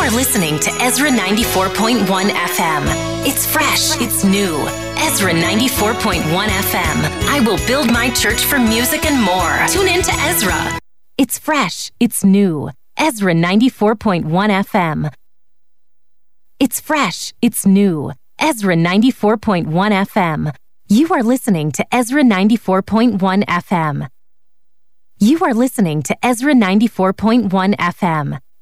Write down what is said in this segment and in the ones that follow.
You are listening to Ezra 94.1 FM. It's fresh, it's new. Ezra 94.1 FM. I will build my church for music and more. Tune in to Ezra. It's fresh, it's new. Ezra 94.1 FM. It's fresh, it's new. Ezra 94.1 FM. You are listening to Ezra 94.1 FM. You are listening to Ezra 94.1 FM.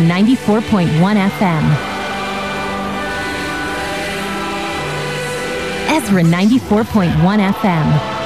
and 94.1 FM. Ezra 94.1 FM.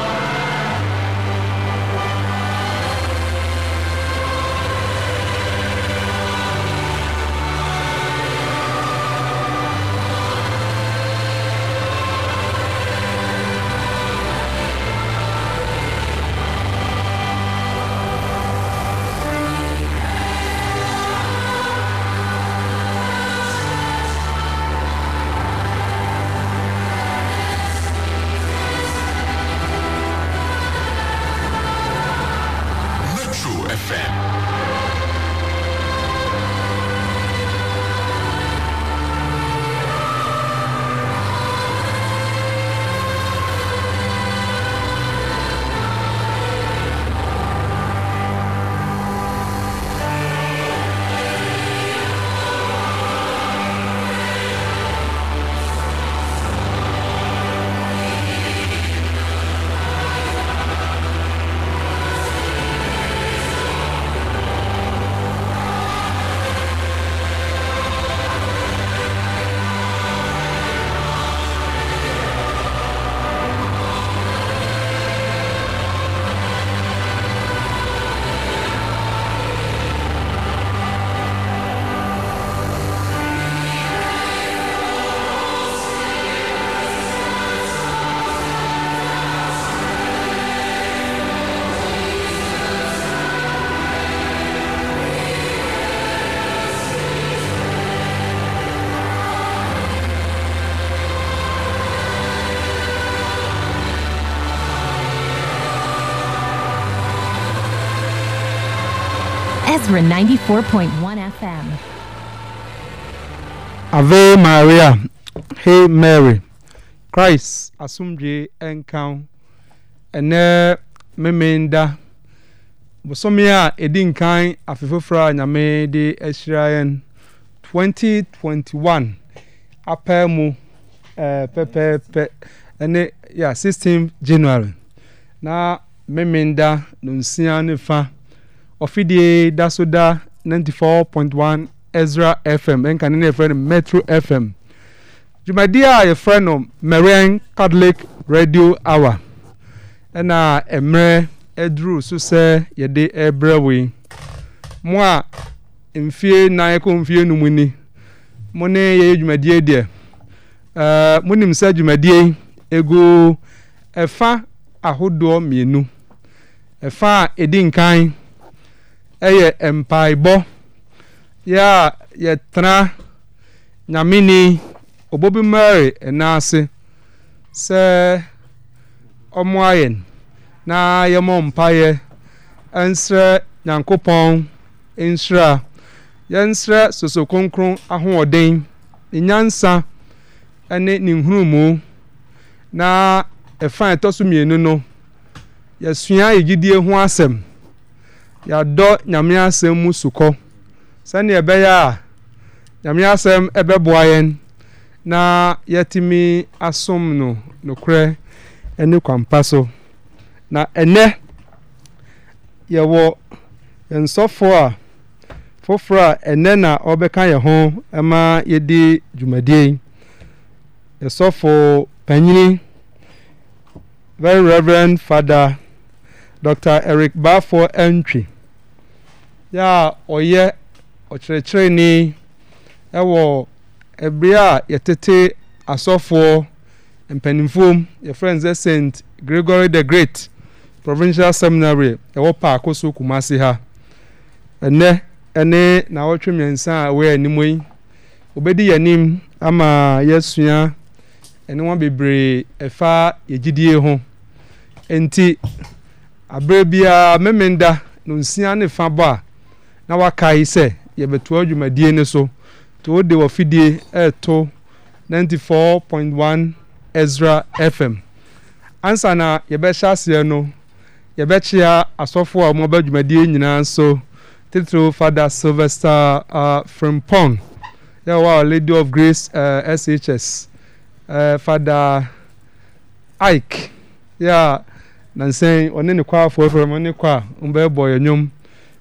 Lutheran 94.1 FM. Ave Maria, hey Mary, Christ asumdwe nkan ɛnɛ memenda bosome a ɛdi nkan afe foforɔ a nyame de ahyira 2021 apɛɛ mu ɛɛ pɛpɛɛpɛ ɛne yɛ 16 january na memenda nonsia fa ɔfidie dasoda 94.1 ezra fm ɛnka ne na yɛfrɛ no metro fm dwumadie a yɛfrɛ no marian catholic radio hour ɛna mmerɛ aduru so sɛ yɛde ɛrebrɛ wo mo a mfie nan kɔ mfie no mu ni mo ne yɛyɛ dwumadie deɛ ɛɛ uh, mo nim sɛ dwumadie egu ɛfa ahodoɔ mmienu ɛfa a edi nkan. ɛyɛ mpaebɔ yɛ a yɛtena nyameni obobi mary ɛna ase sɛ ɔmo ayɛn na yɛmɔ mpaeɛ ɛnsrɛ nyankopɔn nhyira yɛnsrɛ soso kronkron ahoɔden ne nyansa ɛne ne nhurumu. na ɛfa ɛtɔ so mmienu no yɛsua yɛgyidie ho asɛm yɛadɔ nyame asɛm mu sukɔ sɛneɛ ɛbɛyɛ a nyame asɛm ɛbɛboa yɛn na yɛtumi asom no nokorɛ ne kwampa so na ɛnɛ yɛwɔ yɛnsɔfoɔ a foforɔ a ɛnɛ na ɔbɛka yɛ ho ma yɛdi dwumadie yɛsɔfo panyini very reverend father dr eric baafo antwi ya ɔyɛ ɔkyerɛkyerɛni ɛwɔ ɛbea a yɛtete asɔfoɔ mpanimfoɔ yɛfrɛ no sɛ st gregory the great provincial seminary ɛwɔ paako so kumase ha ɛnɛ na naawɔtwe mmiɛnsa a ɛwɔ anim yi wɔbɛdi yɛnim ama yɛsua ɛne wɔn bebree ɛfa yɛgyidie ho nti abere biara mmemmenda na nsia ne fa bɔ a na wakae sɛ yɛbɛtoa dwumadie ne so nti wode wɔfidie ɛɛto 94.1 Ezra FM ansa na yɛbɛhyɛ aseɛ no yɛbɛkyea asɔfoɔ a wɔbɛ dwumadie nyinaa nso titiri fada Sylvester uh, Frimpong yɛwɔ a Lady of Grace uh, SHS uh, fada Ike yɛ a nansan ɔne ne kɔ afoɔ fɛrɛ mu ɔne kɔ a ɔbɛbɔ yɛn nnwom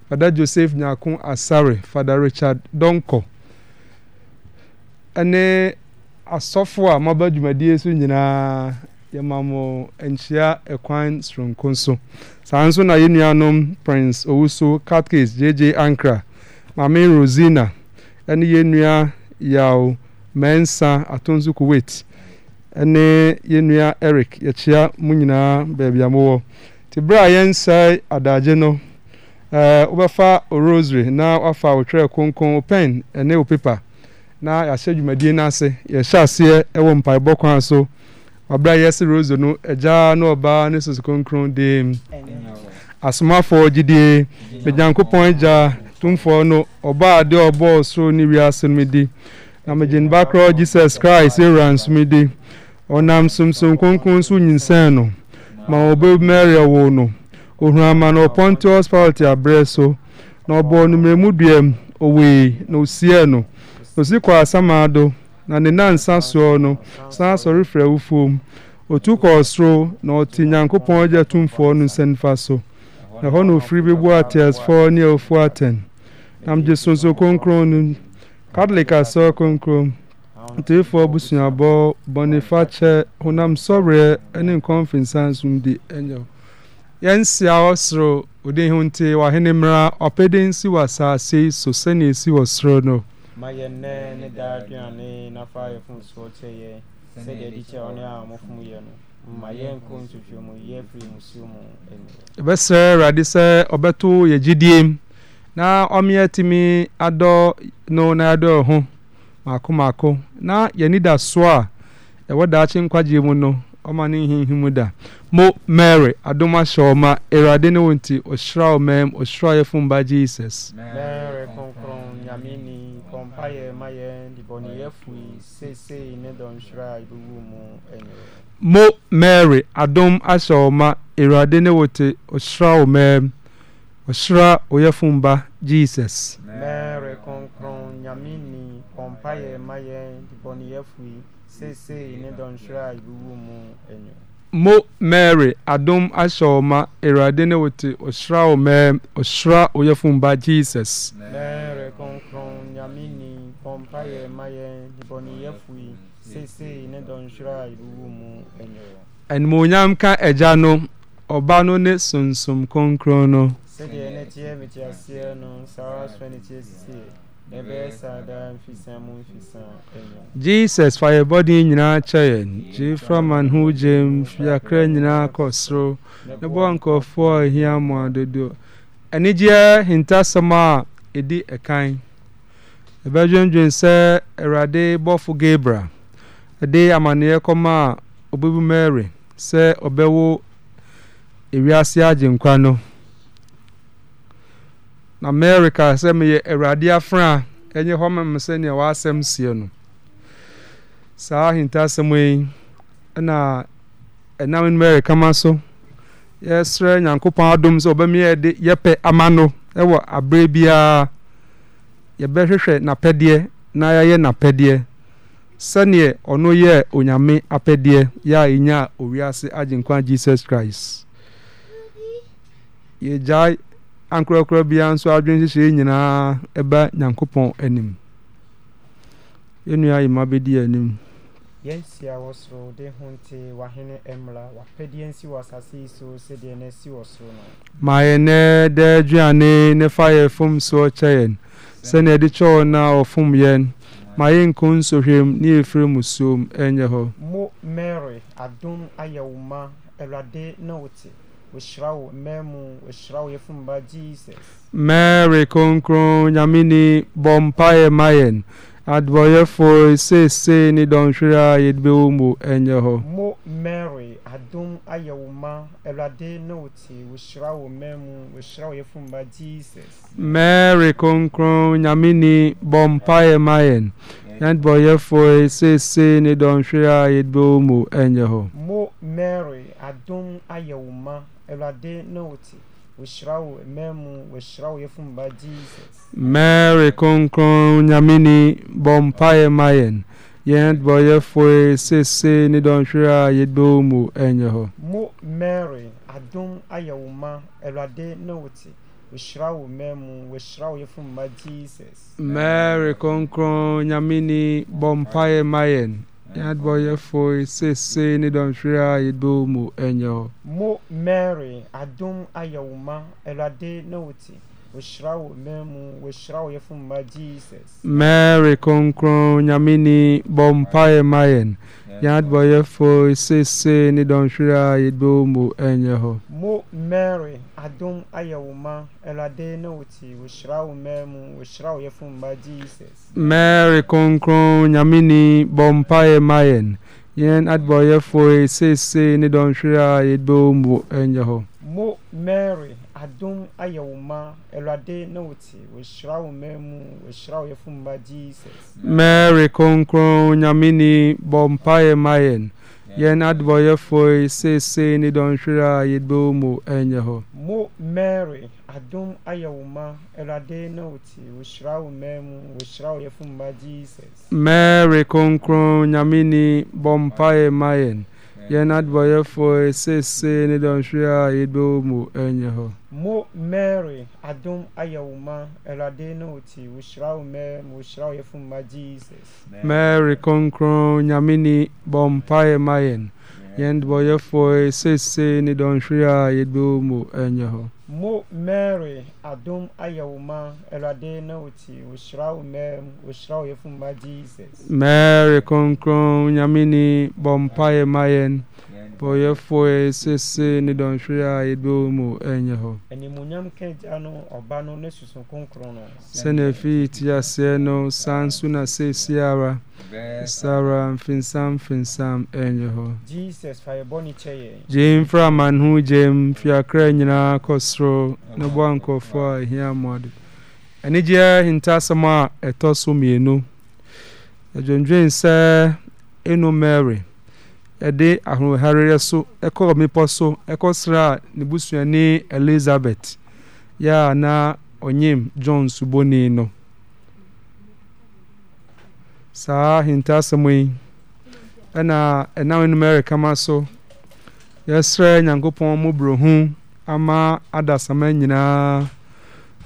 fada joseph nyako asare fada richard donko ɛne asɔfo a maba dwumadie so nyinaa yɛma mo nhyia ɛkwan soronko nso saa nso na yɛ nuanom prince owuso catkis jj Ankara, maame rosina ɛne yɛ nua yaw mɛnsa atonso kuwait ɛne yɛ nua eric yɛkyia mo nyinaa baabi a mowɔ nti berɛ a yɛnsae adagye no Eh, wobɛfa rosary na wafa wo twerɛ kronkron pen eh, ne wo paper na yɛahyɛ dwumadie no ase yɛhyɛ aseɛ wɔ mpaebɔ kwan so wabrɛ yɛse rosary no agyaa na ɔbaa ne soso kronkron dem asomafoɔ gyidie megyankopɔn agya tomfoɔ no ɔbaa de ɔbɔ soro ne wiase no di na megye ne ba korɔ jesus christ ɛwura nsom di ɔnam somsom kronkron so nyinsɛn no ma ɔbɛ mɛrɛ wo no ohunu ama na ɔpɔntios palti abrɛ so na ɔbɔ numeremu duam owei na osie no osi kɔ asama do na ne nansa soɔ no saa asɔre frɛ wo fom otu kɔ soro na ɔte nyankopɔn agya tumfoɔ no nsa nifa so na ɛhɔ na ofiri bɛbu ateasfoɔ ne awofo atɛn nam gye sonso kronkron no catholic asɔre kronkron ntefoɔ busuabɔ bɔnefakyɛ honam sɔberɛ ne nkɔmfinsa nsomdi ɛnyɛ yɛnsia ɔsoro ɔde ho nti wɔhene mmara ɔpɛde nsi wɔ asase so sɛnea esi wɔ soro no ma yɛnnɛ ne daa aduane na fa yɛfom soɔ kyɛ yɛ sɛdeɛ de kyɛ ɔne a yɛ no ma yɛnkɔ nsuhwɛ mu yɛfiri musuo mu ani ɛbɛsrɛ sɛ ɔbɛto yɛ na adɔ no na na a ɛwɔ daakye mu no da mo mary adomasa ọma ewurade ne wo nti ɔhyira ɔma mu ɔhyira yɛ ba jesus. mary kɔnkɔn nyame ni kɔmpa yɛ ma yɛ ndibɔniyɛfo yi seesei ne dɔnhyira ibuwu mu ɛnyɛ. mo mary adom ahyɛ ɔma ewurade ne wo ti ɔhyira ɔma mu ɔhyira ɔyɛfo ba jesus. mary kɔnkɔn nyame ni kɔmpa yɛ ma yɛ ndibɔniyɛfo yi seesei ne dɔnhyira ibuwu mu ɛnyɛ mo mary adom ahyɛ wɔ ma awurade Ome, wo te jesus mary kronkron nyame ni pɔmpa yɛ ma yɛn nnebɔneyɛfo yi seesei ne dɔnhwera a yɛbɛwu mu ɛnyɛ animuonyam ka agya e no ɔba no ne sonsom kronkron no sɛdeɛ ne teɛ meteaseɛ no saa so ne teɛ sisie jesus fa yɛbɔden nyinaa kyɛ yɛn gye fra manhogyem fiakra nyinaa kɔ soro ne bɔ nkɔfoɔ a ɛhia mmoa dodo anigyeɛ hintasɛm a ɛdi ɛkan ɛbɛdwendwen sɛ awurade bɔfo gabra ɛde amanneɛ kɔma a ɔbɛbu mary sɛ ɔbɛwo ewiase agyenkwa no na amerika sɛ meyɛ awurade afra a ɛnyɛ hɔ mam sɛnea wɔasɛm sie no saa ahintasɛm yi ɛna ɛnam no mɛreka ma so yɛsrɛ nyankopɔn adom sɛ ɔbɛmi yɛde yɛpɛ ama no ɛwɔ aberɛ biara yɛbɛhwehwɛ n'apɛdeɛ na yɛayɛ n'apɛdeɛ sɛneɛ ɔno yɛ onyame apɛdeɛ yɛ a ɛnya owiase agyenkwa jesus christ yɛgyae ankorɔkorɔ biara nso adwene nhyehyɛe nyinaa ɛba nyankopɔn anim yɛnnua ayima bɛdi anim si wɔ soro de ho nti wahene mmra wapɛdeɛ nsi wɔ asase yi so sɛdeɛ na asi wɔ soro no ma yɛnɛ da aduane ne fa yɛ fom soɔ kyɛ yɛn sɛnea ɛde kyɛw na ɔfom yɛn ma yɛnkɔ na ne yɛfiri mu suom ɛnyɛ hɔ mo mary adom ayɛ wo ma awurade na wote mary kronkron nyame ni bɔ mpaeɛ ma yɛn adebɔyɛfoɔ seesei ne dɔnhwere a yɛde bɛwɔ mu ɛnyɛ hɔ mo mary adom ayɛ wo ma awurade ne wo te wɔhyira wo ma mu wɔhyira wo yɛfomba jesus mary kronkron nyame ni bɔ mpaeɛ ma yɛn adebɔyɛfoɔ seesei ne dɔnhwere a yɛde bɛwɔ mu ɛnyɛ hɔ mo mary adom ayɛ wo ma Awurade na wo te wɔhyira wo mmaa mu wɔhyira wo yɛfom ba jesus mary kronkron nyamene bɔ mpaeɛ ma yɛn yɛn bɔyɛfoe sese ne dɔnhwere a yɛdɔ mu ɛnyɛ hɔ mo mary adom ayɛ wo ma awurade ne wo te wɔhyira wo mmaa mu wɔhyira wo yɛfom ba jesus mary kronkron nyamene bɔ mpaeɛ ma yɛn yɛadbɔyɛfoe seesei ne dɔmhwerɛ a yɛdɔ mu ɛnyɛ hɔ mo mary adom ayɛ wo ma awurade ne wo te mary kronkron nyamini bɔ mpaeɛ mayen yɛn yɛn adebɔyɛfo seesei ne dɔnhwere a yɛdɔ mu ɛnyɛ hɔ mo mary adom ayɛ wo ma awurade ne wo ti wɔhyira wo mmaa mu wɔhyira wo yɛfo mma jesus mary kronkron nyamini bɔ mpaeɛ mayen yɛn yɛn adebɔyɛfo seesei ne dɔnhwere a yɛdɔ mu ɛnyɛ hɔ mo mary adom ayɛ wo ma awurade ne wo te wɔhyira wo ma mu wɔhyira wo yɛfo mma jesus mary kronkron nyameni bɔ mpaeɛ ma yɛn yɛn adebɔyɛfoɔ seesei ne dɔnhwere a yɛbɛwo mu ɛnyɛ hɔ mo mary adom ayɛ wo ma awurade ne wo te wɔhyira wo ma mu wɔhyira wo yɛfo mma jesus mary kronkron nyameni bɔ mpaeɛ ma yɛn yɛn adbɔyɛfoɔ ɛseesei ne dɔnhwe a yɛbɛwɔ mu ɛnyɛ hɔ mo mary adom ayɛ wo ma awurade ne wo ti wohyira wo mɛ ma wohyira wo yɛfo ma jesus mary kronkron nyameni bɔ mpaeɛ ma yɛn yɛn adbɔyɛfoɔ ɛseesei ne dɔnhwe a yɛbɛwɔ mu ɛnyɛ hɔ mo mary adom ayɛwoma awurade na wɔti wɔhyira wo mɛm wɔhyira wo yɛfomma jesus mary kronkron nyamini bɔ mpaeɛ ma yɛn bɔyɛfoɔ sese ne dɔnhwere a yɛdoo mu ɛnyɛ hɔ animuonyam ka agya no ɔba no ne susu kronkron no sɛnea ɛfii ti aseɛ no saa na seesie ara sara mfinsam mfinsam ɛnyɛ hɔ gye mfra amanho jim fiakra nyinaa kɔ soro ne boa nkɔfoɔ a ɛhia mmoade anigyeɛ hintasɛm a so mmienu adwendwen mary so so a ne busuani elizabeth a na ɔnyem john suboni no saa ahintasɛm yi ɛna ɛnam nnum ɛrekama so yɛsrɛ nyankopɔn mu burohu ama adasama nyinaa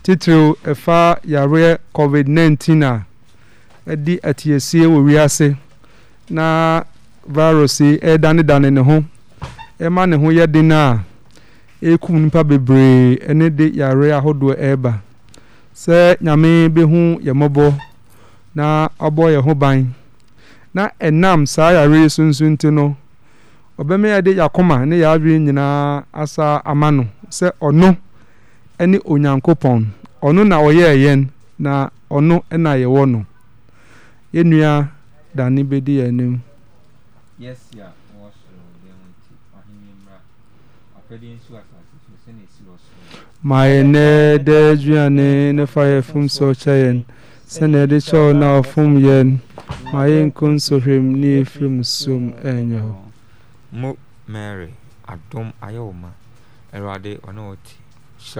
titiriw ɛfa yareɛ covid-19 a ɛdi atiesie wɔ wiase na virus yi ɛdanedane ne ho ɛma ne ho yɛ den a ɛkum nipa bebree ɛne de yareɛ ahodoɔ ɛreba sɛ nyame bɛhu yɛ mmɔbɔ na ɔbɔ yɛn ho ban na ɛnam saa yare yi so nso nti no ɔbɛma yɛde yɛakoma ne yɛadwene nyinaa asa ama no sɛ ɔno ne onyankopɔn ɔno na ɔyɛ yɛn na ɔno na yɛwɔ no yɛnnua dane bɛdi yɛn anim yes, yeah. ma yɛnɛ dɛ aduane ne fa yɛ fom sɛ ɔkyɛ yɛn sɛnea ɛde kyɛw na ɔfom yɛn ma yɛnko nsɔhwɛmni ɛfiri mu som ɛnyɛ hɔ mo mary adom ayɛ wo ma awurade ɔne wo te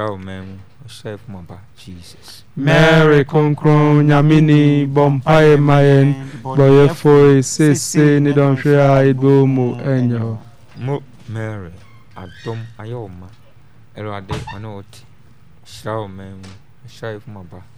wo man mu ɔhyɛ fomaba jesus mary kronkron nyameni bɔ mpaeɛ ma yɛn bɔyɛfoe seesei ne dɔnhwere a ɛbɛwo mu ɛnyɛ hɔ mo mary adom ayɛ wo ma awurade ɔne wo te hyira wo man mu ɔhyɛ fomaba jesus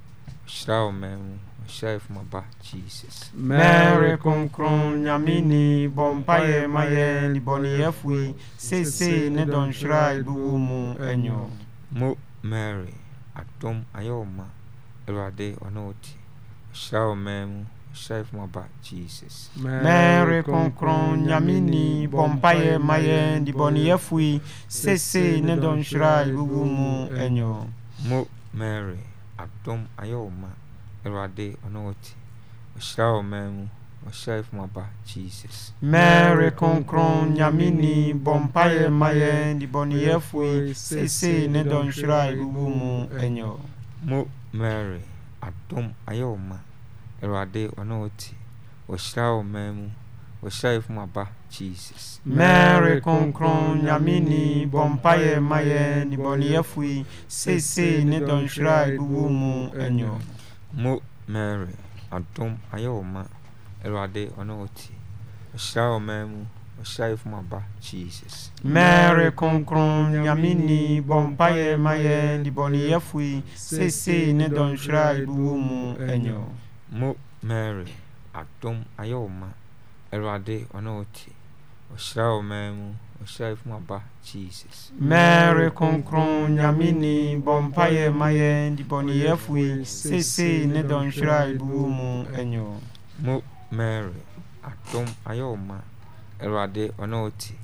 ɔmpayɛ ma yɛ nibɔneɛfi sei ne dɔwerɛ bugumu naom ayɛma uadenɔ ɔhyraɔmm ɔhyrafba jsmre konkron nyameni bɔmpayɛ ma yɛ nibɔneya fui sesei ne dɔnhwerɛe bugu mu nyɔ adom ayɛ wo ma awurade ɔno wɔte ɔhyira wɔ man mu ɔhyira yɛ aba jesus mɛre kronkron nyame ni bɔ mpayɛ ma ne dɔnhwera a ɛgugu mu ɛnyɛ mo mary adom ayɛ wo ma awurade ɔno wɔte ɔhyira wɔ man mu wɔhyɛe fom aba jesus mary kronkron nyame ni bɔ mpayɛ ma yɛ nnebɔneyɛfo yi seesei ne dɔnhwerɛ a ɛbɛwɔ mu anyɔ mo mary adom ayɛ wɔ ma awurade ɔne wɔ tie ɔhyira wɔ ma mu ɔhyirae fom aba jesus mary kronkron nyame ni bɔ mpayɛ ma yɛ nnebɔneyɛfo yi seesei ne dɔnhwerɛ a ɛbɛwɔ mu anyɔ mo mary adom ayɛ wɔ ma Awurade ɔne wo te ɔhyira wo man mu ɔhyira fom aba jesus mary kronkron nyame ni bɔ mpayɛ ma yɛn dibɔneyɛfo ne dɔnhwerɛ a mu anyɛ mo mary adom ayɛ wo ma awurade ɔne wo te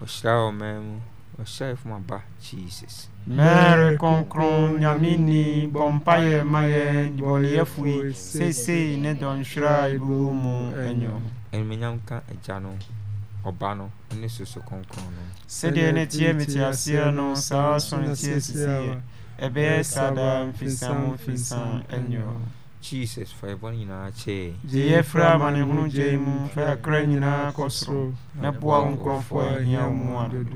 ɔhyira wo man mu ɔhyira fom aba jesus mary kronkron nyame ni bɔ mpayɛ ma yɛn dibɔneyɛfo ne dɔnhwerɛ a mu anyɛ nimanyam ka aya no ɔbano ne soso krɔnkrn nosɛdeɛ netiɛ fitiaseɛ no saa sntiɛssɛ bɛyɛ sa daa mfisa mfisa yinaaky yeɛfra amanehnuyei mu fakra nyinaa kɔso nnboaonkɔfoɔ aiam adod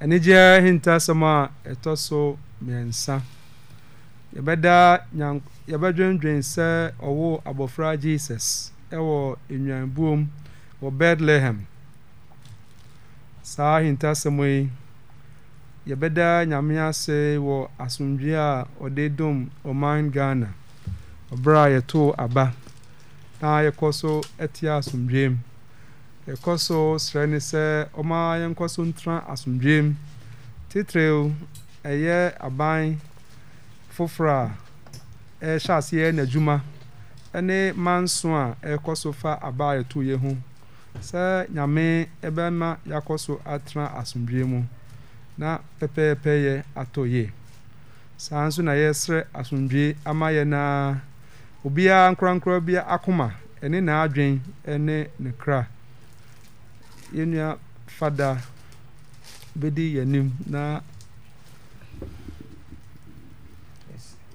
ɛne gyɛ henta sɛm a ɛtɔ so miɛnsa ɛdaa yɛbɛdwendwen sɛ ɔwo abɔfra jesus ɛwɔ nnwanbuom wɔ bethlehem saa ahintasɛm yi yɛbɛda nyame ase wɔ asomdwee a ɔde dom ɔman ghana ɔberɛ a yɛtoo aba na yɛkɔ so ɛtia asomdweem yɛkɔ so srɛ ne sɛ ɔma yɛnkɔ so ntena asomdweem titiriw ɛyɛ aban foforɔ a ɛhyɛ aseɛ n'adwuma ne manso a ɛrekɔ so fa abaa yɛtoo yɛ ho sɛ nyame ɛbɛma yɛakɔ so atena asomdwie mu na pɛpɛɛpɛ yɛ atɔ yie saa nso na yɛsrɛ asomdwie ama yɛ naa obiara nkorankora bia akoma ɛne n'adwen ɛne ne kra yɛnua fada bɛdi yɛnim na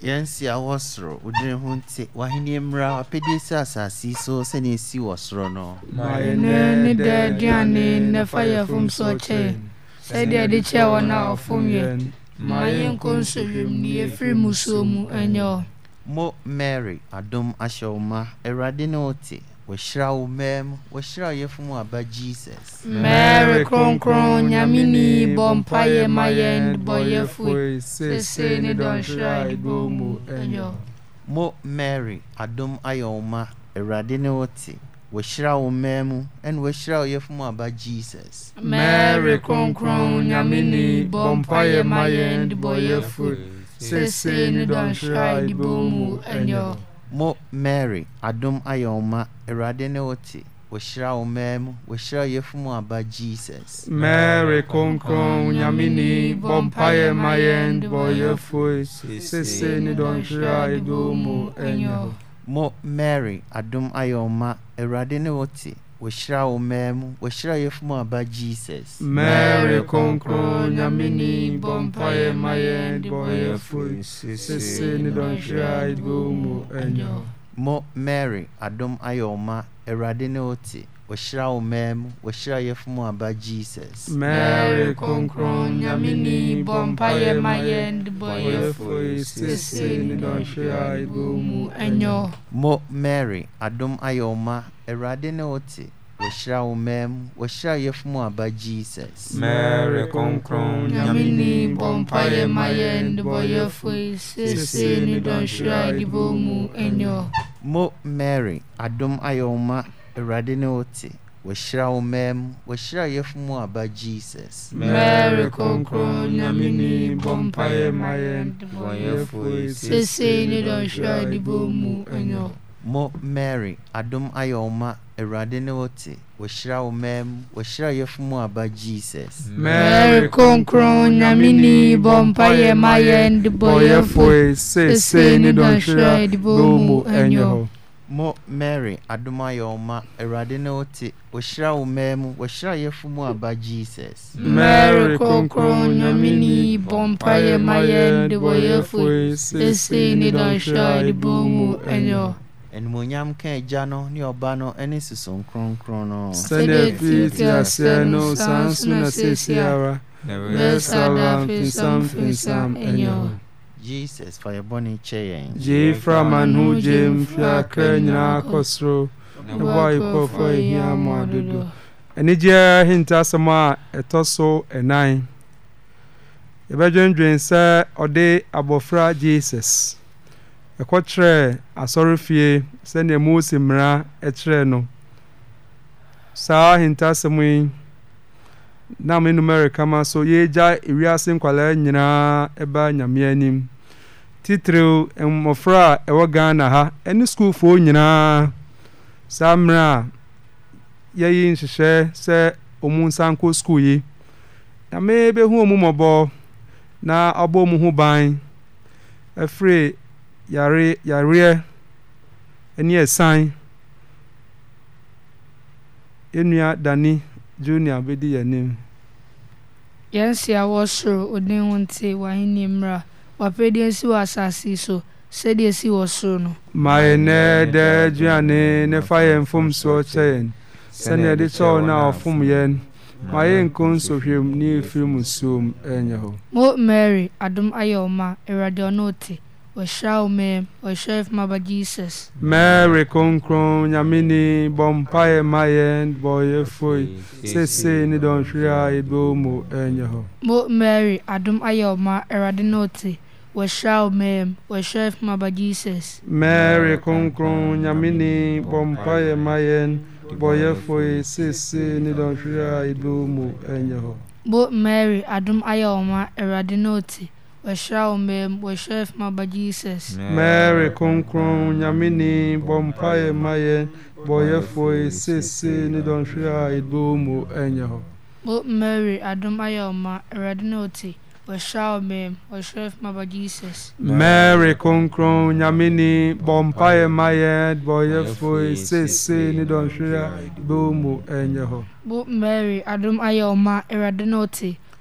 yɛnsi a wɔ soro wodwene ho nti wahene mmra wapɛdeɛ si asase so sɛne ɛsi wɔ soro no mayɛnɛ ne da aduane na fa yɛfom so ɔkyɛe sɛdeɛ de kyɛɛ wɔn a ɔfom yɛn ma yɛnkɔ nso wiem ne yɛfiri musuo mu ɛnyɛ mo mary adom ahyɛ wo ma awurade ne wo te wɔahyira wo mmaa mu wɔahyira yɛfo mu aba jesus mary kronkron nyameni bɔ mpayɛ ma yɛn bɔyɛfo sese ne dɔnhwera adoo mu ɛnyɔ mo mary adom ayɛ wo ma awurade ne wo te wɔahyira wo mmaa mu ɛne wɔahyira wo yɛfo mu aba jesus mary kronkron nyameni bɔ mpayɛ ma yɛn bɔyɛfo sese ne dɔnhwera adoo mu ɛnyɔ mo mary adom ayoma wo ma awurade ne wo te wɔhyira wo mmaa mu wɔhyira yɛfo mu aba jesus mary kronkron nyameni bɔ mpaeɛ ma yɛn bɔyɛfoe sese ne dɔnhwere a ɛdoo mu ɛnyɛ hɔ mo mary adom ayɛ wo ma awurade ne wo te wɔhyira wo mmaa mu wɔhyira yɛfom aba jesus mary kronkron nyameni bɔ mpaeɛ ma yɛn de bɔyɛfo sese ne dɔnhwerɛ a ɛdibɛwɔ mu anyɛ mɔ mary adom ayɛ wo ma awurade ne wo te ɔhyerɛwo maam wɔhyirawoyɛfo mu aba jisusmo mary adom ayɔwo ma awurade ne wo te wɔhyirɛwo maam wɔhyirɛwoyɛfa mu aba jesusmo mary adom ayɔo ma awurade ne wo te wɔhyirɛwo maam wɔhyirɛwo yɛfo mu aba jesusmo mary adom ayɔno ma awurade ne wo te wɔhyirɛwo maam wɔhyirɛwo yɛfo mu aba jesus mo mary adumayɛ ɔma awurade ne wo te wɔhyira wo mmaa mu wɔhyira yɛfo mu aba jesus mary kronkron nyameni bɔmpa yɛ ma yɛn de wɔ yɛfo ɛsei ne dɔnhwɛ de bɔ mu ɛnyɛ animonyam ka agya no ne ɔba no ne susom kronkron no sɛdeɛ fii te aseɛ no saa nso na seesi ara bɛsa da finsamfinsam ɛnyɛ hɔ jesus fa yɛ bɔne kyɛ yɛn gyee fra mano gye mfia kra nyinaa kɔ soro ne bɔ ayepɔfo ahia mu adodo anigyeɛ hinta asɛm a ɛtɔ so ɛnan yɛbɛdwendwen sɛ ɔde abɔfra jesus ɛkɔkyerɛ asɔrefie sɛnea mose mmara ɛkyerɛ no saa hinta asɛm yi na me numeric kama so yɛgya ewiase nkwalaa nyinaa ɛba nyame anim titiriw mmɔfra a ɛwɔ ghana ha ɛne sukuufoɔ nyinaa saa mmerɛ a yɛyi nhyehyɛ sɛ ɔmu nsa nkɔ sukuu yi nyame bɛhu ɔmu mmɔbɔ na abɔ mu ho ban ɛfiri yare yareɛ ɛne ɛsan ɛnua dani junior bɛdi yɛnim yɛn se a wɔ soro uh, odin ho nte w'ahenni mmra w'apɛdeɛ si wɔ asase so sɛdeɛ si wɔ soro no ma yɛnnɛ dɛ aduane ne fa yɛn mfomsoɔ kyɛ yɛn sɛnea ɛde kyɛ wo no a ɔfom yɛn ma yɛnko nsɔhwɛm ne ɛfiri mu suom ɛnyɛ hɔ mo mary adom ayɛ wo ma awurade ɔno ɛ mɛry konkron nyameni bɔmpayɛ ma yɛn bɔɔyɛ foi sesei ne dɔnhwere a yɛdɛwo mu anyɛ hɔ mɛry kronkron nyamenni bɔmpa yɛ ma yɛn bɔyɛ foi sesei ne dɔnhwere a yɛdɛwɔ mu anyɛ hɔadmay mɛre kronkron nyamenni bɔ mpayɛ ma yɛn boyɛ foe sese ne dɔnhwere a ebɛwo mu annyɛ hɔmɛry kronkron nyamenne bɔ mpa yɛ ma yɛn boyɛ foe sese ne dɔnhwere a bɛwo mu anyɛ hɔ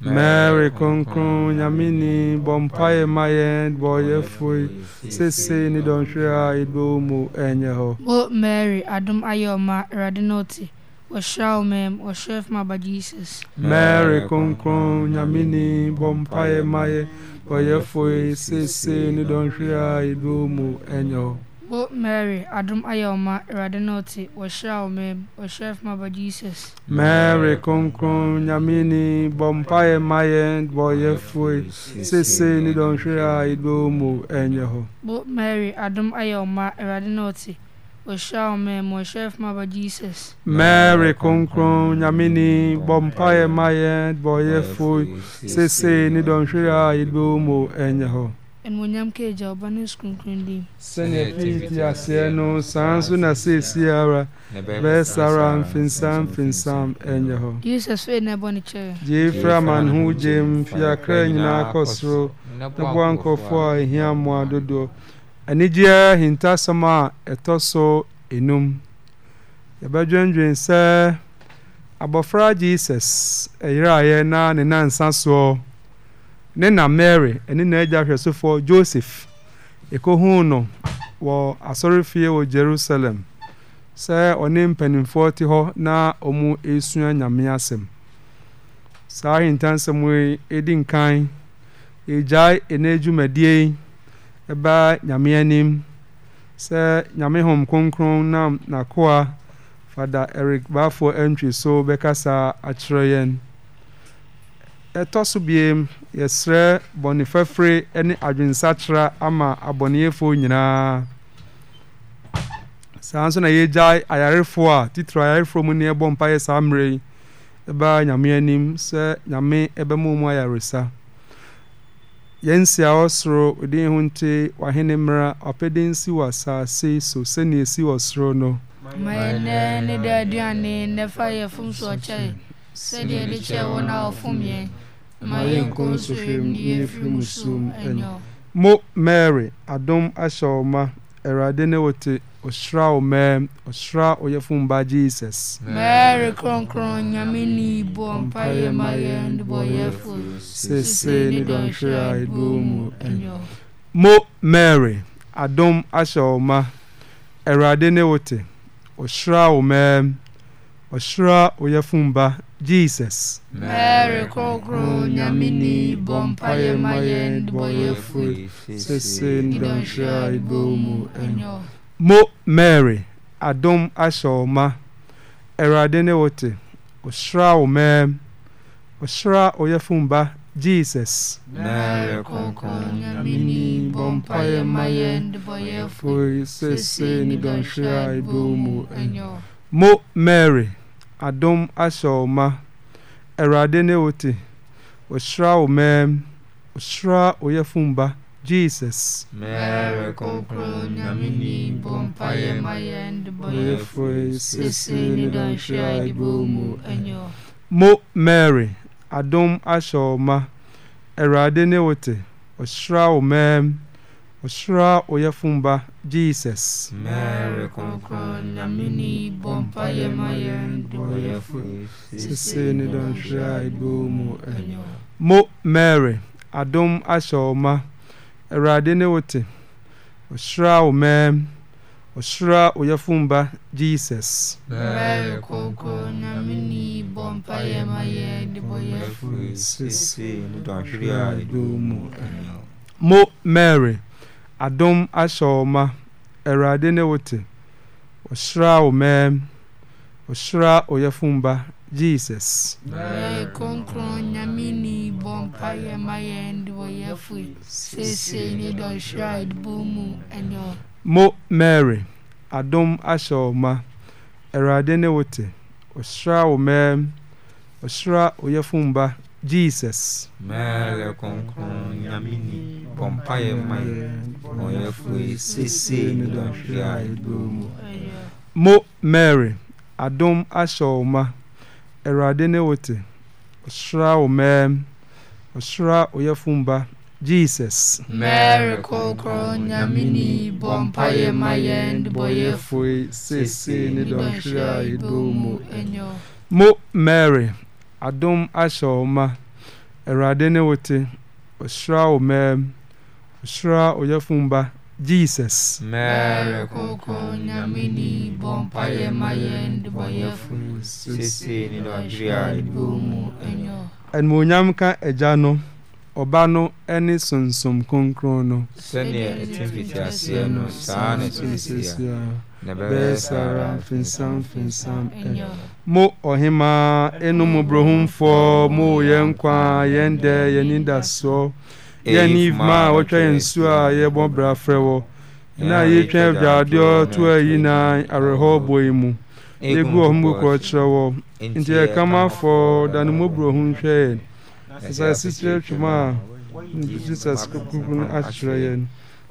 mary kronkron nyameni bɔ mpaeɛ ma yɛn bɔ yɛfoe sesei ne dɔnhwɛ a yɛdoo mu ɛnyɛ hɔ o mary adom ayɛ ɔma awurade no te wɔhyɛw mam wɔhyɛ fom aba jesus mary kronkron nyameni bɔ mpaeɛ ma yɛ bɔ yɛfoe sesei ne dɔnhwɛ a yɛdoo mu ɛnyɛ hɔ mry kronkro nyamene bɔ mpa yɛ ma yɛn dbɔyɛ fuoe sesei ne dɔnhwere a yɛdbowo mɔ anyɛ hɔadom ayɛwɔma aete ɔhyɛwɔmm ɔhy famba jissmɛɛry kronkrom nyame ni bɔ mpayɛ ma yɛn dbɔyɛ fue sesei ne dɔnhwere a yɛdbɛwo mu anyɛ hɔ animonyam ka agya ɔba no skronkron dim sɛnea ɛfiti aseɛ no saa nso na seesie ara bɛyɛ sara mfensam mfensam ɛnyɛ hɔ jesus fei na ɛbɔ ne kyɛɛ gyee firi amane ho gyem mfiakra nyinaa kɔ soro na boa nkɔfoɔ a ɛhia mmoa dodoɔ anigyeɛ hintasɛm a ɛtɔ so enum e yɛbɛdwendwen sɛ abɔfra jesus ɛyeraeɛ e na ne nansa soɔ ne na mary ɛne n'agya hwɛsofoɔ joseph ɛkɔhuu no wɔ asɔrefie wɔ jerusalem sɛ ɔne mpanimfoɔ te hɔ na ɔmu ɛresua nyame asɛm saa ahintansɛm yi edi nkan ɛgyae ɛne adwumadie yi ɛbaa nyame anim sɛ nyame hom kronkron nam n'akoa fada eric baafoɔ ɛntwi so bɛkasa akyerɛ yɛn ɛtɔ so biem yɛsrɛ bɔne fɛfere ne ama abɔneyɛfoɔ nyinaa saa nso na yɛgyae ayarefoɔ a titiri ayarefoɔ mu ne ɛbɔ mpa yɛ saa mmerɛ yi ɛbaa nyame anim sɛ nyame ɛbɛma mu ayaresa yɛnsia wɔ soro ɔdin ho nte wahene mmara ɔpɛden si wɔ asase so sɛnea ɛsi wɔ soro no ma na ne da aduane nɛfa yɛfom so sɛdeɛ de kyɛɛ wɔn a ɔfom yɛn mo mary adom ahyɛ wɔ ma awurade ne wo te ohyera wo maam ɔhyera oyɛfomba jesusmo mary adom ahyɛ wɔ ma awurade ne wo te ɔhyera wo maam ɔhyera oyafo mba mo mary adom ahyɛ ɔ ma awurade ne wo te o hyera wo mɛɛm o hyera o yɛfomu ba jesusmo mary adom ahyɛwo ma arurde ne wo te o hyera wo maɛm ɔ hyera o yɛ fom ba jesusmo mry adom ahyɛwo ma auradene wo te o hyera wo maam hea oyafmba jssyɛf sesei ne dɔnhwerea doo mu ano mo mary adom ahyɛ ɔ ma awurade ne wo te ɔhyera wo maɛm ɔhera o yafo m ba jesusmo mary adom ahyɛ wo ma awurade ne wo te ɔhyira wo mɛɛm ɔhyira ɔyɛfo mba jesus kronkron nyame ni bɔ mpayɛ ma yɛn de ɔyɛfo seesei ne dɔnhwira adebɔ mu ɛne mo mary adom ahyɛ wo ma awurade ne wo te ɔhyira wo mɛɛm ɔhyira ɔyɛfo mba mo mary adom ahyɛwo ma awurade ne wote ɔhera wo maɛm ɔhera o ya fum ba jesusmɛyɛ fi seseene dɔnhwɛamo mary adom ahyɛ wo ma awurade ne wo te wo maam ɔhyira ɔyɛfom ba jesus mɛɛrɛ kronkron nyame ni bɔ mpayɛ ma yɛn debɔyɛfo sesei ne dɔadwere a ɛdibɛwɔ mu anyɔ animuonyam ka agya no ɔba no ne sonsom kronkron no sɛneɛ ɛte mfitiaseɛ no saa na ɛte ne sesia bɛsara eh. mo ɔhema enum mo yɛn nkwa yɛn dɛ yɛn nidasoɔ yɛn ne a wɔtwa yɛn su a yɛbɔ bra frɛ wɔ na yɛtwa adwadeɛ to ayi na awerɛhɔ bɔ yi mu yɛgu ɔhom kokorɔ kyerɛ wɔ nti yɛkamafoɔ dane mo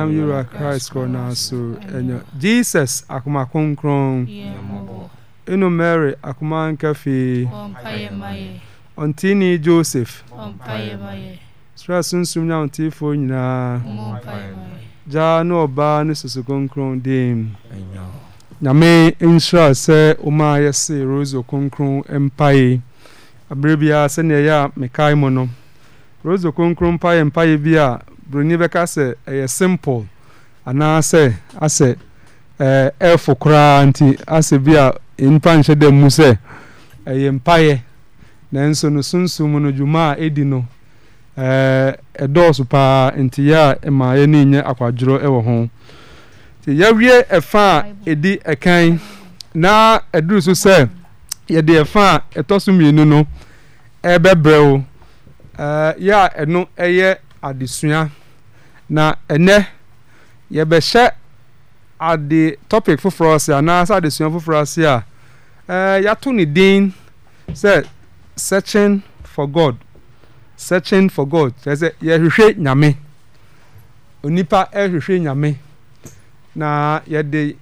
anm yerua christ konoaso ɛ jesus akoma konkron no mary akoma nka fee ɔntini joseph sra sunsom nya otefoɔ nyinaa gyaa ne ɔbaa no susu kronkron deu nyame nsira sɛ omaa yɛ se roso kronkron mpae aberɛ bia sɛneɛɛyɛ a mekae mu no roso kronkron mpi mpae bia buroni bɛka sɛ ɛyɛ simple anaasɛ asɛ ɛɛ ɛɛfo koraa nti asɛ bi a nnipa nhyɛ dɛ mu sɛ ɛyɛ mpaeɛ nanso no sunsum no dwuma a ɛdi no ɛɛ ɛdɔɔso paa nti yɛ a mmaayɛ no nyɛ akwadworɔ ɛwɔ ho nti yɛawie ɛfa a ɛdi ɛkan na ɛduru so sɛ yɛde ɛfa a ɛtɔ mmienu no ɛbɛbrɛ wo ɛɛ yɛ a ɛno ɛyɛ ana ɛnɛ yɛbɛhyɛ ade topic foforɔ se anaa sɛ adesua foforɔ se a yɛato ne den sɛ serching for god serching fo god ɛɛ sɛ yɛhwehwɛ nyame onipa ɛhwehwɛ nyame na yɛde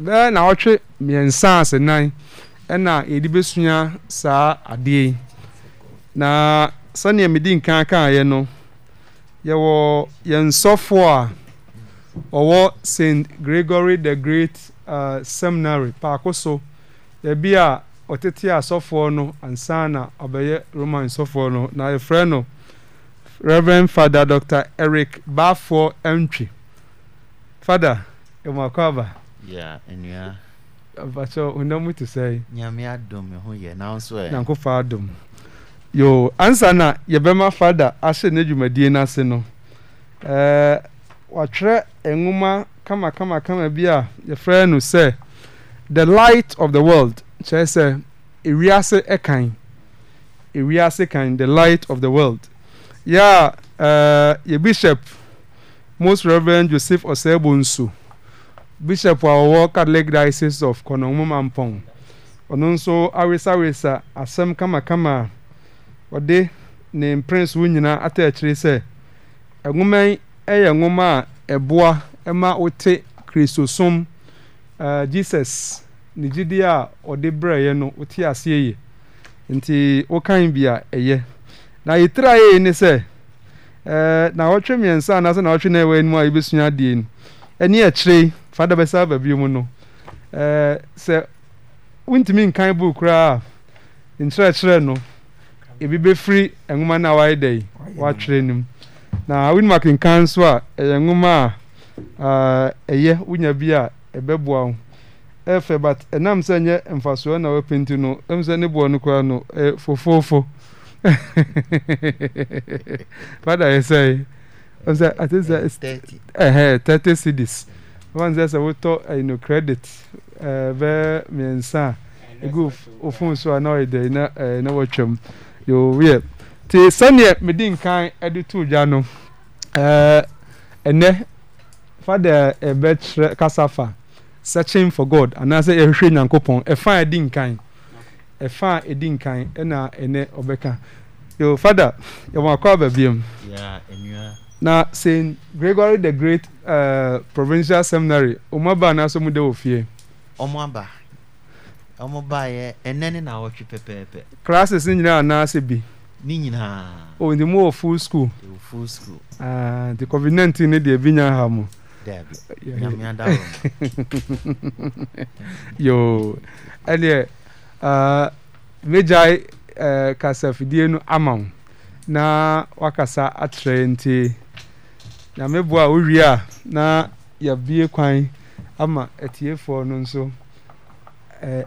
bɛɛ nawɔtwe miɛnsa se nan ɛna yɛde bɛsua saa adeɛi na sɛdeɛ mede nkakaaeɛ no yɛwɔ yɛn sɔfoɔ a ɔwɔ st gregory the great uh, seminary paako so ebi a ɔtete asɔfoɔ no ansa ɔbɛyɛ roman sɔfoɔ no na yɛfrɛ no reverend father dr eric baafoɔ ɛntwi fada ɛmu akɔ aba. yà nnua. abakyɛ ɔnam ti sɛ. nyame adum nyankofa adum. Yo, ansa na yɛbɛma fada ahyɛ ne dwumadie n'ase no ɛɛ eh, watwerɛ nwoma kamakamakama bi a yɛfrɛ no sɛ the light of the world kyerɛ sɛ ewiase ɛkan ewiase kan the light of the world yɛa ɛɛ eh, yɛ bishop most reverend joseph osebo nso bishop a wɔwɔ catholic diocese of kɔnɔnmu mampɔn ɔno nso awesawesa asɛm kamakama a. ɔde ne mprince wo nyinaa ata akyire sɛ nwoma yi yɛ nwoma a ɛboa ma wote kristosom uh, jesus ne gyidie a ɔde brɛeɛ no wote aseɛ yie nti wokan bi a ɛyɛ na yɛtira yɛyɛ ne sɛ ɛɛ na wɔtwe mmiɛnsa anaasɛ na wɔtwe na ɛwɔ anim a yɛbɛsua adeɛ no ɛne akyire fada bɛsa aba bio mu no ɛɛ sɛ wontumi nkan book koraa nkyerɛkyerɛ no ebi bɛfiri nwoma no a wayɛ dɛ watwerɛ no mu na wonim akenkan nso a ɛyɛ nwoma a ɛyɛ wonya bi a ɛbɛboa wo ɛfɛ but ɛnam sɛ nyɛ mfasoɔ na wapenti no ɛm sɛ ne boɔ no koraa no fofoofo fada yɛ sɛ ɛm sɛ ate sɛ ɛhɛ thirty cedis wọn sɛ sɛ wotɔ ɛyino credit ɛɛ bɛɛ mmiɛnsa a egu ofun so a na ɔyɛ dɛ na ɛɛ na wɔtwam yoo yɛ te sɛnea mede nkan de to dwa no ɛɛ ɛnɛ fada ɛbɛkyerɛ kasa fa searching for god anaasɛ yɛhwehwɛ e nyankopɔn ɛfa e a e ɛdi nkan ɛfa a ɛdi nkan ɛna ɛnɛ ɔbɛka yo fada yɛwɔ akɔ abɛbiem na st gregory the great uh, provincial seminary ɔmo aba anaasɛ ɔmo de wɔ fie ɔmo aba ɔmo baeɛ ɛnɛ ne na awɔtwe pɛpɛɛpɛ classes ne nyinaa anaasɛ bi Ni nyinaa o oh, nti mu wɔ full school wɔ full school aa ah, nti covid nineteen ne deɛ bi nya ha mu dabi nyamea da wɔ yoo ɛdeɛ aa kasafidie no ama wo na wakasa atrɛ nti nyameboa a wowie a na yabie kwan ama atiefoɔ no nso.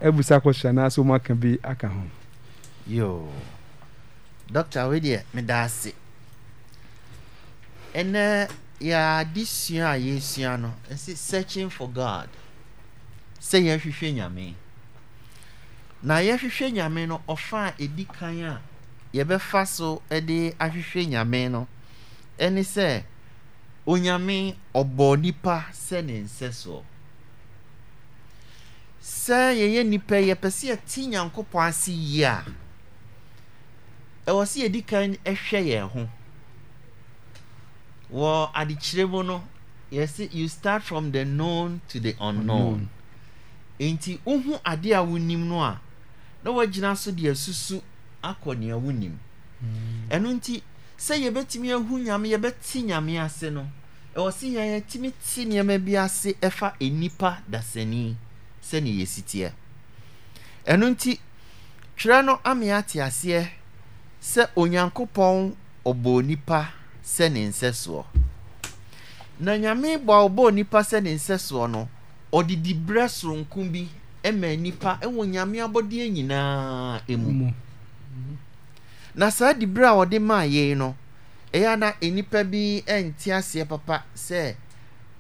abusa kɔhyɛ anaasɛ na aka bi aka ho dɔkta wei deɛ meda ase ɛnɛ yɛade sua a yɛsua no ɛsɛ searching for god sɛ yɛhwehwɛ nyame na yɛhwehwɛ nyame no ɔfa a ɛdi kan a yɛbɛfa so de ahwehwɛ nyame no ɛne sɛ onyame nipa sɛ ne nsɛ sɛ yɛyɛ nnipa yi yɛpɛ sɛ yɛte nyankopɔn ase yie a ɛwɔ sɛ yɛdi kan hwɛ yɛn ho wɔ adekyerɛ mu no yɛsɛ you start from the known to the unknown nti wohu adeɛ a wonim no a na woagyina so de asusu akɔ nea wonim hmm. ɛno nti sɛ yɛbɛtumi ahu nyame yɛbɛte nyame ase no ɛwɔ sɛ yɛyɛtumi te nneɛma bi ase ɛfa nnipa dasani sɛnea yɛsi teɛ ɛno nti twerɛ no ame ate aseɛ sɛ onyankopɔn ɔbɔ nipa sɛ ne soɔ na nyame bɔ ɔbɔ nipa sɛ ne soɔ no ɔde dibrɛ soronko bi ma nipa wɔ nyame abɔdeɛ nyinaa mu na saa dibrɛ a ɔde maa yei no ɛyɛ ana nnipa bi nte aseɛ papa sɛ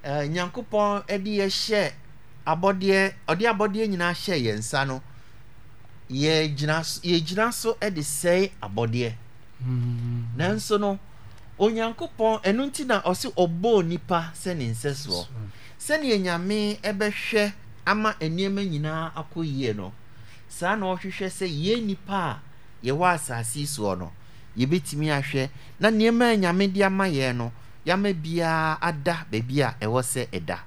eh, nyankopɔn de yɛhyɛ abɔdeɛ ɔde abɔdeɛ nyinaa hyɛ yɛn nsa no yɛgyina yɛgyina so de sɛe abɔdeɛ hmm. nanso no onyankopɔn ɛno nti na ɔse ɔbɔɔ nipa sɛ ne nsɛsoɔ sɛneɛ nyame ɛbɛhwɛ ama nneɛma nyinaa akɔ yie no saa na ɔhwehwɛ sɛ yɛn nipa a yɛwɔ asaase soɔ no yɛbɛtumi ahwɛ na nneɛma a nyame de ama yɛn no yɛama biara ada baabi a ɛwɔ sɛ ɛda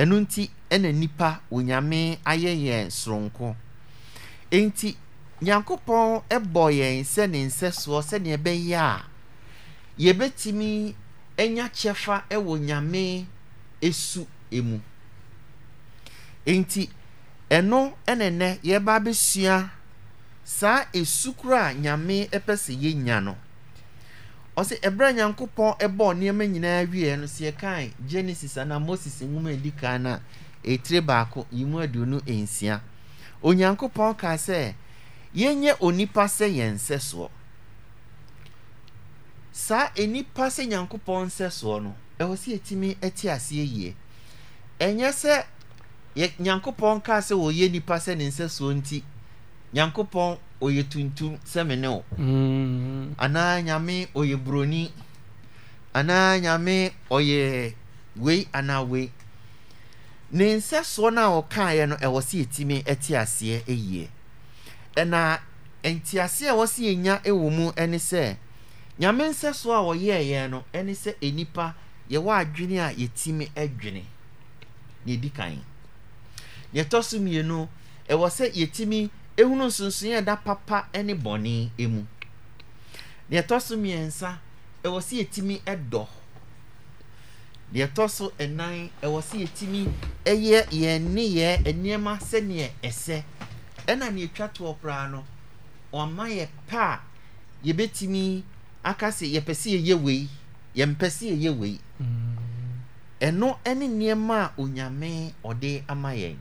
ɛno nti ɛna nipa onyame ayɛ yɛn soronko nti nyankopɔn ɛbɔ yɛn sɛ ne nsɛsoɔ sɛnea ɛbɛyɛ a yɛbɛtumi anya kyɛfa ɛwɔ nyame esu emu nti ɛno ɛna nɛ yɛba abɛsua saa esukura nyame ɛpɛ sɛ yɛnya no ɔsɛ ɛbrɛ nyankopɔn ɛbɔ nneɛma nyinaa wieɛ no sɛ yɛkae genesis anaa moses nwoma edi kan no a ɛtire baako yi mu aduonu nsia onyankopɔn kaa sɛ yɛnyɛ onipa sɛ yɛn nsɛsoɔ saa enipa sɛ nyankopɔn nsɛsoɔ no ɛwɔ sɛ yɛtumi ɛte aseɛ yie ɛnyɛ sɛ nyankopɔn kaa sɛ wɔyɛ nipa sɛ ne nsɛsoɔ nti nyankopɔn ɔyɛ tuntum sɛ me ne wo mm-hmm. anaa nyame ɔyɛ buroni anaa nyame ɔyɛ wei anaa wei ne soɔ no a ɔkaeɛ no ɛwɔ sɛ yɛtumi te aseɛ yie ɛna ntiaseɛ a ɛwɔ sɛ yɛnya wɔ mu ne sɛ nyame nsɛsoɔ a ɔyɛɛyɛ no ne sɛ ɛnipa yɛwɔ adwene a yɛtumi adwene na ɛdi kan yɛtɔ so mmienu ɛwɔ sɛ yɛtumi ehunu sunsun yɛ da papa ɛne bɔnne emu deɛ ɛtɔ so mmiɛnsa ɛwɔ si etimi ɛdɔ deɛ ɛtɔ so ɛnan ɛwɔ si etimi ɛyɛ yɛn ne yɛ nneɛma sɛneɛ ɛsɛ ɛna nea etwa toɔ koraa no wɔama yɛ pɛ a yɛbɛtumi aka sɛ yɛpɛ sɛ yɛyɛ wei yɛmpɛ sɛ yɛyɛ wei mm. ɛno ɛne nneɛma a onyame ɔde ama yɛn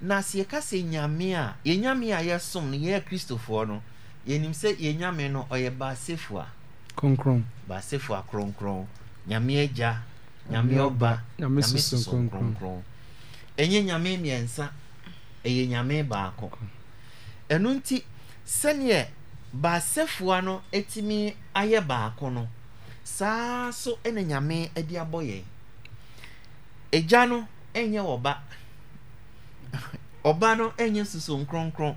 na sɛ yɛka sɛ nyame a yɛnyame a yɛsom no yɛyɛ kristofoɔ no yɛnim sɛ yɛnyame no ɔyɛ baasefo a kronkron baasefo a kronkron nyame agya nyame ɔba nyame soso kronkron ɛnyɛ nyame mmiɛnsa ɛyɛ nyame baako ɛno nti sɛneɛ baasefoa no ɛtumi ayɛ baako no saa so ɛna nyame ɛde abɔ yɛn agya no ɛnyɛ wɔ ba ɔbaa no nye susun kronkron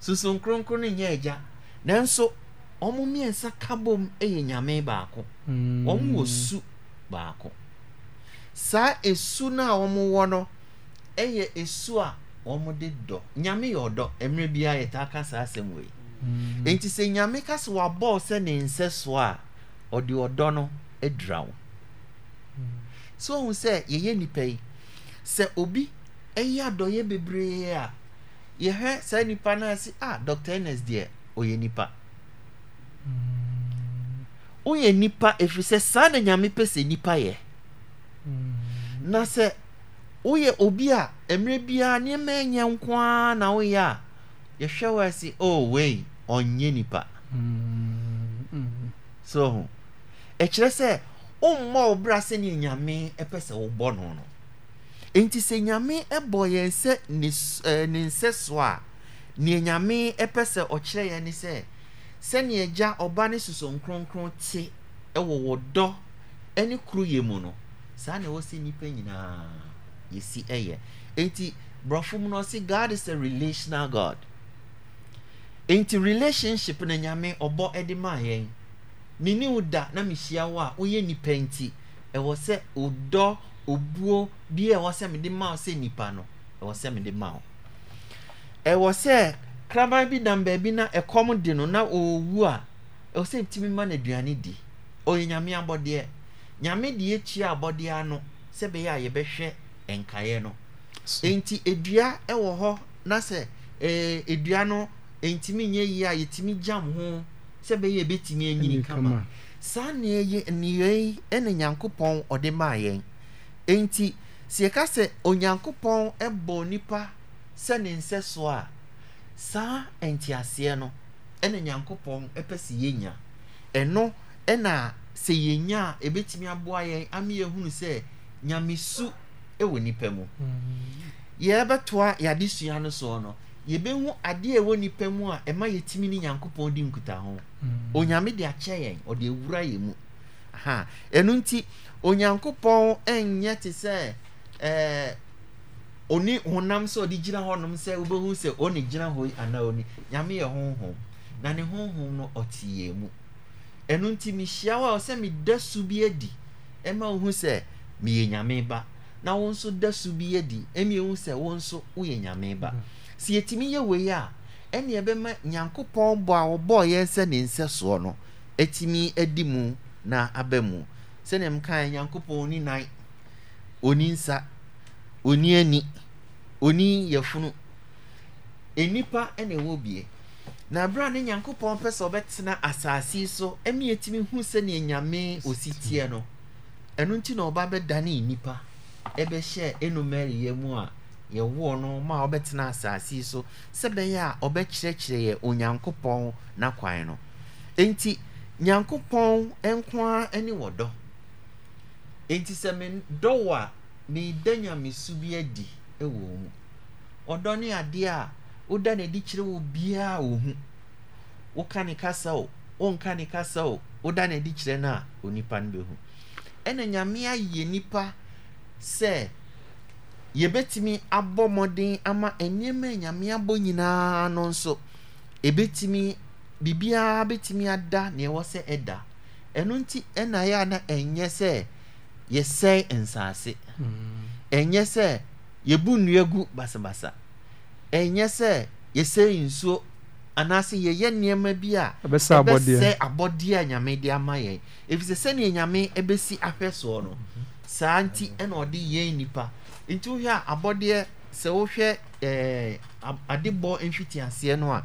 susun kronkron no nyɛ agya nanso wɔn mmiɛnsa ka bom yɛ nyame baako wɔn wɔ su baako saa esu no a wɔn wɔ no yɛ esu a wɔn de dɔ nyame yɛ ɔdɔ mmerɛ biara yɛ taa ka saa asɛm wei hmm. nti sɛ nyame ka so wabɔɔ sɛ ne nsɛ so a ɔde ɔdɔ no adura wo hmm. so ohun sɛ yɛyɛ nipa yi sɛ obi. ɛyɛ adɔyɛ bebree a yɛhwɛ saa nipa no ase a dr ns deɛ ɔyɛ nipa mm. woyɛ nipa ɛfiri sɛ saa na nyame pɛ sɛ nipa yɛ mm. na sɛ woyɛ obi a mmerɛ biara nneɛma ɛnyɛ nko ara na woyɛ a yɛhwɛ wo ase oh wei ɔnyɛ nipa mm. so ɛkyerɛ sɛ wommɔ wo bra sɛneɛ nyame ɛpɛ sɛ wobɔ no no nti sɛ nyame ɛbɔ yɛn sɛ ne ɛɛ eh, ne nsɛ so a nea nyame ɛpɛ sɛ ɔkyerɛ yɛn ne sɛ sɛnea gya ɔba ne soso nkronkron te ɛwɔ wɔdɔ ɛne kuro yɛ mu no saa na ɛwɔ sɛ nipa nyinaa yɛsi ɛyɛ nti borɔfo mu no ɔsi god is a relational god nti relationship na nyame ɔbɔ ɛde maa yɛn mini wo da na mehyia wo a woyɛ nipa nti ɛwɔ sɛ ɔdɔ obuo a ɛwɔ sɛ mede ma wo sɛ nipa no ɛwɔ sɛ mede ma wo ɛwɔ sɛ kraman bi nam baabi na ɛkɔm de no na ɔwu a ɛwɔ sɛ tumi ma no aduane di ɔyɛ nyame abɔdeɛ nyame de yɛkyia abɔdeɛ ano sɛ bɛyɛ a yɛbɛhwɛ nkaeɛ no nti edua ɛwɔ hɔ na sɛ ɛɛ edua no ntumi nyɛ yie a yɛtumi gyam ho sɛ bɛyɛ yɛbɛtumi anyini kama saa nneɛ yi nneɛ yi ɛna nyankopɔn ɔde maa yɛn enti sɛ yɛka sɛ onyankopɔn ɛbɔ nipa sɛ ne nsɛ so a saa nteaseɛ no ɛna nyankopɔn ɛpɛ sɛ yɛnya ɛno ɛna sɛ yɛnya a ɛbɛtumi aboa yɛn ama yɛhunu sɛ nyamesu ɛwɔ nipa mu mhm. yɛbɛtoa yɛadesua no soɔ no yɛbɛhu adeɛ ɛwɔ nipa mu a ɛma yɛtumi ne nyankopɔn di nkutaho mhm. onyame de akyɛ yɛn ɔde awura yɛn mu ɛno nti onyankopɔn nyɛ te sɛ ɛɛ oni honam sɛ ɔde gyina hɔnom sɛ wobɛhu sɛ ɔne gyina hɔ yi anaa ɔni nyame yɛ honhom na ne honhom no ɔte yɛn mu ɛno nti mehyia wo a ɔsɛ meda su bi adi ɛma wo hu sɛ meyɛ nyame ba na wo nso da su bi adi ɛmi ehu sɛ wo nso woyɛ nyame ba mhm. si yɛtumi yɛ wei a ɛnna ɛbɛma nyankopɔn bɔ a wɔbɔɔ yɛn sɛ ne nsɛsoɔ no ɛtumi adi mu na aba mu sɛdeɛ mkae nyankopɔn oni nan oni nsa oni ani oni yɛfunu nnipa na ɛwɔ bie na abira ne nyankopɔn pɛ sɛ ɔbɛtena asaase so ɛmi etimi hu sɛdeɛ nyame osi tie no ɛno nti na ɔba bɛdane nnipa ɛbɛhyɛ enumere yɛ mu a yɛwoɔ no ma ɔbɛtena asaase so sɛbɛyɛ a ɔbɛkyerɛkyerɛ yɛ onyankopɔn n'akwan no nti nyankopɔn nko ara ne wɔ nti sɛ me dɔwɔ a meeda nyamesu bi adi wɔ mu ɔdɔ ne adeɛ a woda no kyerɛ wo biara wɔ hu woka ne kasa o wonka ne kasa o woda no adi kyerɛ no a onipa no bɛhu ɛna nyame ayɛ nipa sɛ yɛbɛtumi abɔ mmɔden ama nneɛma a nyame abɔ nyinaa no nso ɛbɛtumi biribiara bɛtumi ada nea ɛwɔ sɛ ɛda ɛno nti ɛna yɛ a na ɛnyɛ sɛ yɛsɛe nsaase ɛnyɛ sɛ yɛbu nnua gu basabasa ɛnyɛ sɛ yɛsɛe nsuo anaasɛ yɛyɛ nneɛma bi a ɛbɛsɛ abɔdeɛ a nyame de ama yɛn ɛfiri sɛ sɛneɛ nyame ɛbɛsi ahwɛ soɔ no saa nti ɛna ɔde yɛn nipa nti wohwɛ a abɔdeɛ sɛ wohwɛ ɛɛ adebɔ nhwitiaseɛ no a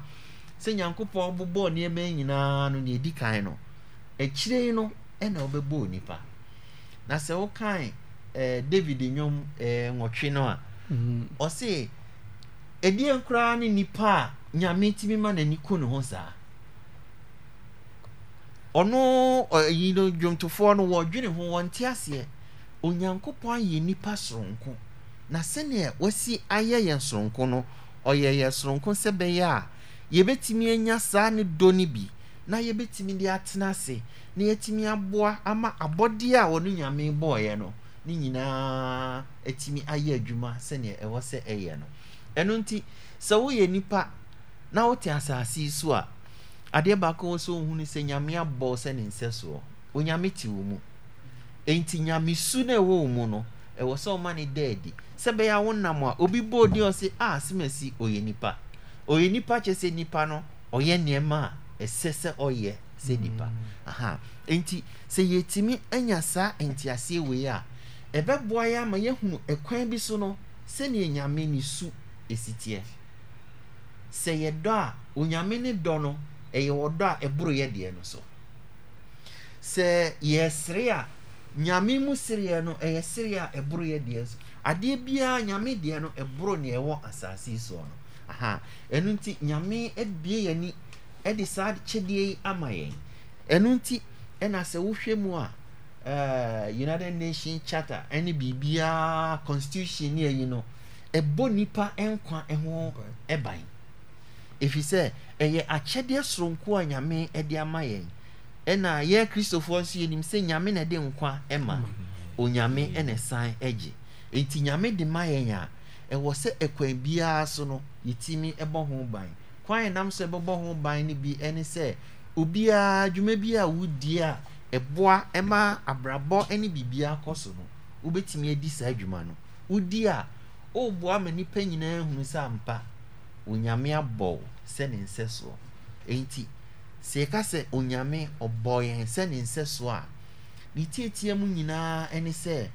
sɛ nyankopɔn bobɔɔ nneɛma nyinaa no deɛ kan no akyire no ɛna ɔbɛbɔɔ nipa na sɛ wokan eh, david nnwom eh, nwɔtwe no a mhm. ɔse ɛdeɛ nkoraa ne nipa a nyame tumi ma n'ani ko ne ho saa ɔno ɛyi no dwomtofoɔ no wɔdwene ho wɔnte aseɛ onyankopɔn ayɛ nipa soronko na sɛnea wasi ayɛ yɛn soronko no ɔyɛ yɛ soronko sɛ bɛyɛ a yɛbɛtumi anya saa ne dɔ no bi na yɛbɛtumi de atena ase na yɛtumi aboa ama abɔdeɛ a wɔne nyame bɔɔeɛ no ne nyinaa atumi ayɛ adwuma sɛnea ɛwɔ sɛ ɛyɛ no ɛno nti sɛ woyɛ nipa na wote asase yi so a adeɛ baako wɔ so ohunu sɛ nyame abɔ sɛ ne nsɛ soɔ onyame te wɔ mu enti nyame su na ɛwɔ wɔ mu no ɛwɔ sɛ ɔma ne da adi sɛ bɛyɛ a wonam a obi bɔɔ din ɔse ah, a semasi ɔyɛ nipa ɔyɛ nipa kyerɛ sɛ nipa no ɔyɛ nneɛma a ɛsɛ sɛ ɔyɛ sɛ nipa hmm. aha nti sɛ yɛtumi anya saa nteaseɛ wei a ɛbɛboa yɛ ama yɛhunu ɛkwan bi so no sɛnea nyame ne su ɛsiteɛ sɛ yɛdɔ a onyame ne dɔ no ɛyɛ wɔ dɔ a ɛboro yɛ deɛ no so sɛ yɛsere a nyame mu sereɛ no ɛyɛ sereɛ a ɛboro yɛ deɛ so adeɛ biara nyame deɛ no ɛboro ne ɛwɔ asase soɔ no aha ɛno nti nyame abie yɛ ni ɛde saa kyɛdeɛ yi ama yɛn ɛno nti ɛna sɛ wohwɛ mu a uh, united nations charter ɛne biribiara constitution ne ayi no ɛbɔ nipa nkwa ho ɛban ɛfiri sɛ ɛyɛ akyɛdeɛ soronko a nyame ɛde ama yɛn ɛna yɛ kristofoɔ nso yɛnim sɛ nyame na ɛde nkwa ɛma onyame ɛna san gye nti nyame de ma yɛn a ɛwɔ sɛ ɛkwan biara so no yɛtumi ɛbɔ ho ban kwan nam sɛ bɛbɔ ho ban no bi ne sɛ obiaa dwuma bi a wodie a ɛboa ma abrabɔ ne biribiara kɔ so no wobɛtumi adi saa adwuma no wodi a woboa ma nnipa nyinaa hunu sɛ ampa onyame abɔ sɛ ne nsɛ soɔ ɛnti sɛ yɛka sɛ onyame ɔbɔ yɛn sɛ ne nsɛ soɔ a ne tiatia mu nyinaa ne sɛ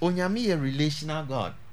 onyame yɛ relational god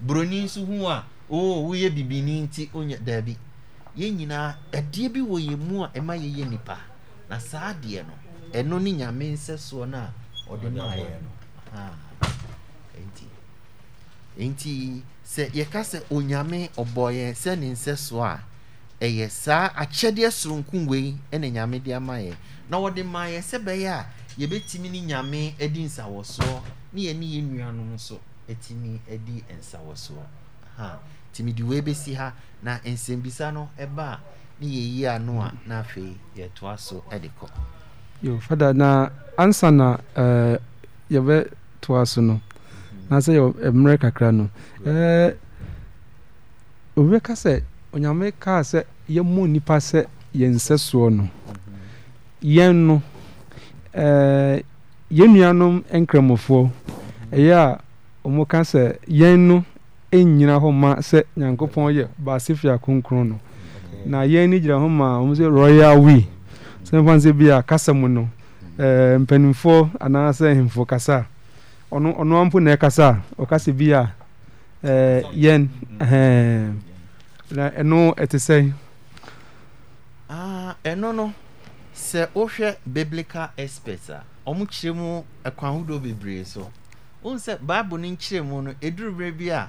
Broni nso ho a oo woyɛ bibini nti onyɛ daabi yɛn nyinaa adeɛ bi wɔ yɛn mu a ɛma yɛyɛ nipa na saa adeɛ no ɛno ne nyame nsɛsoɔ no a ɔde maa yɛn no nti nti sɛ yɛka sɛ onyame ɔbɔ yɛn sɛ ne nsɛsoɔ a ɛyɛ saa akyɛdeɛ soronko wei ɛna nyame de ama yɛn na wɔde maa yɛn sɛ bɛyɛ a yɛbɛtumi ne nyame adi nsawɔsoɔ ne yɛne yɛn nuanom nso de bɛsi ha na nsɛmbisa nob n yɛyinoafyɛtoasodfaa na ansana eh, yɛbɛtoa so no mhm. nasɛ yɛmmerɛ kakra no eh, owerɛ ka sɛ onyame ka sɛ yɛmɔ nipa sɛ yɛnsɛ soɔ no mhm. yɛn no eh, ɛnuanom nkramɔfoɔɛ mhm. ɔmo ka sɛ yɛn no nyina hɔ ma sɛ nyankopɔn yɛ baasefia kronkron no mm-hmm. na yɛn ni gyina hɔ ma ɔmo sɛ royal we sɛ nfa bi a kasa mu no ɛɛ mm-hmm. eh, mpanimfoɔ anaasɛ ahemfo kasa ɔno ɔno ampo na ɛkasa a ɛɛ eh, yɛn mm-hmm. eh, na ɛno ɛte ah, experts a kyerɛ mu ɛkwan ahodoɔ bebree so. ohun sɛ baabu no nkyerɛmu no eduru berɛ bi a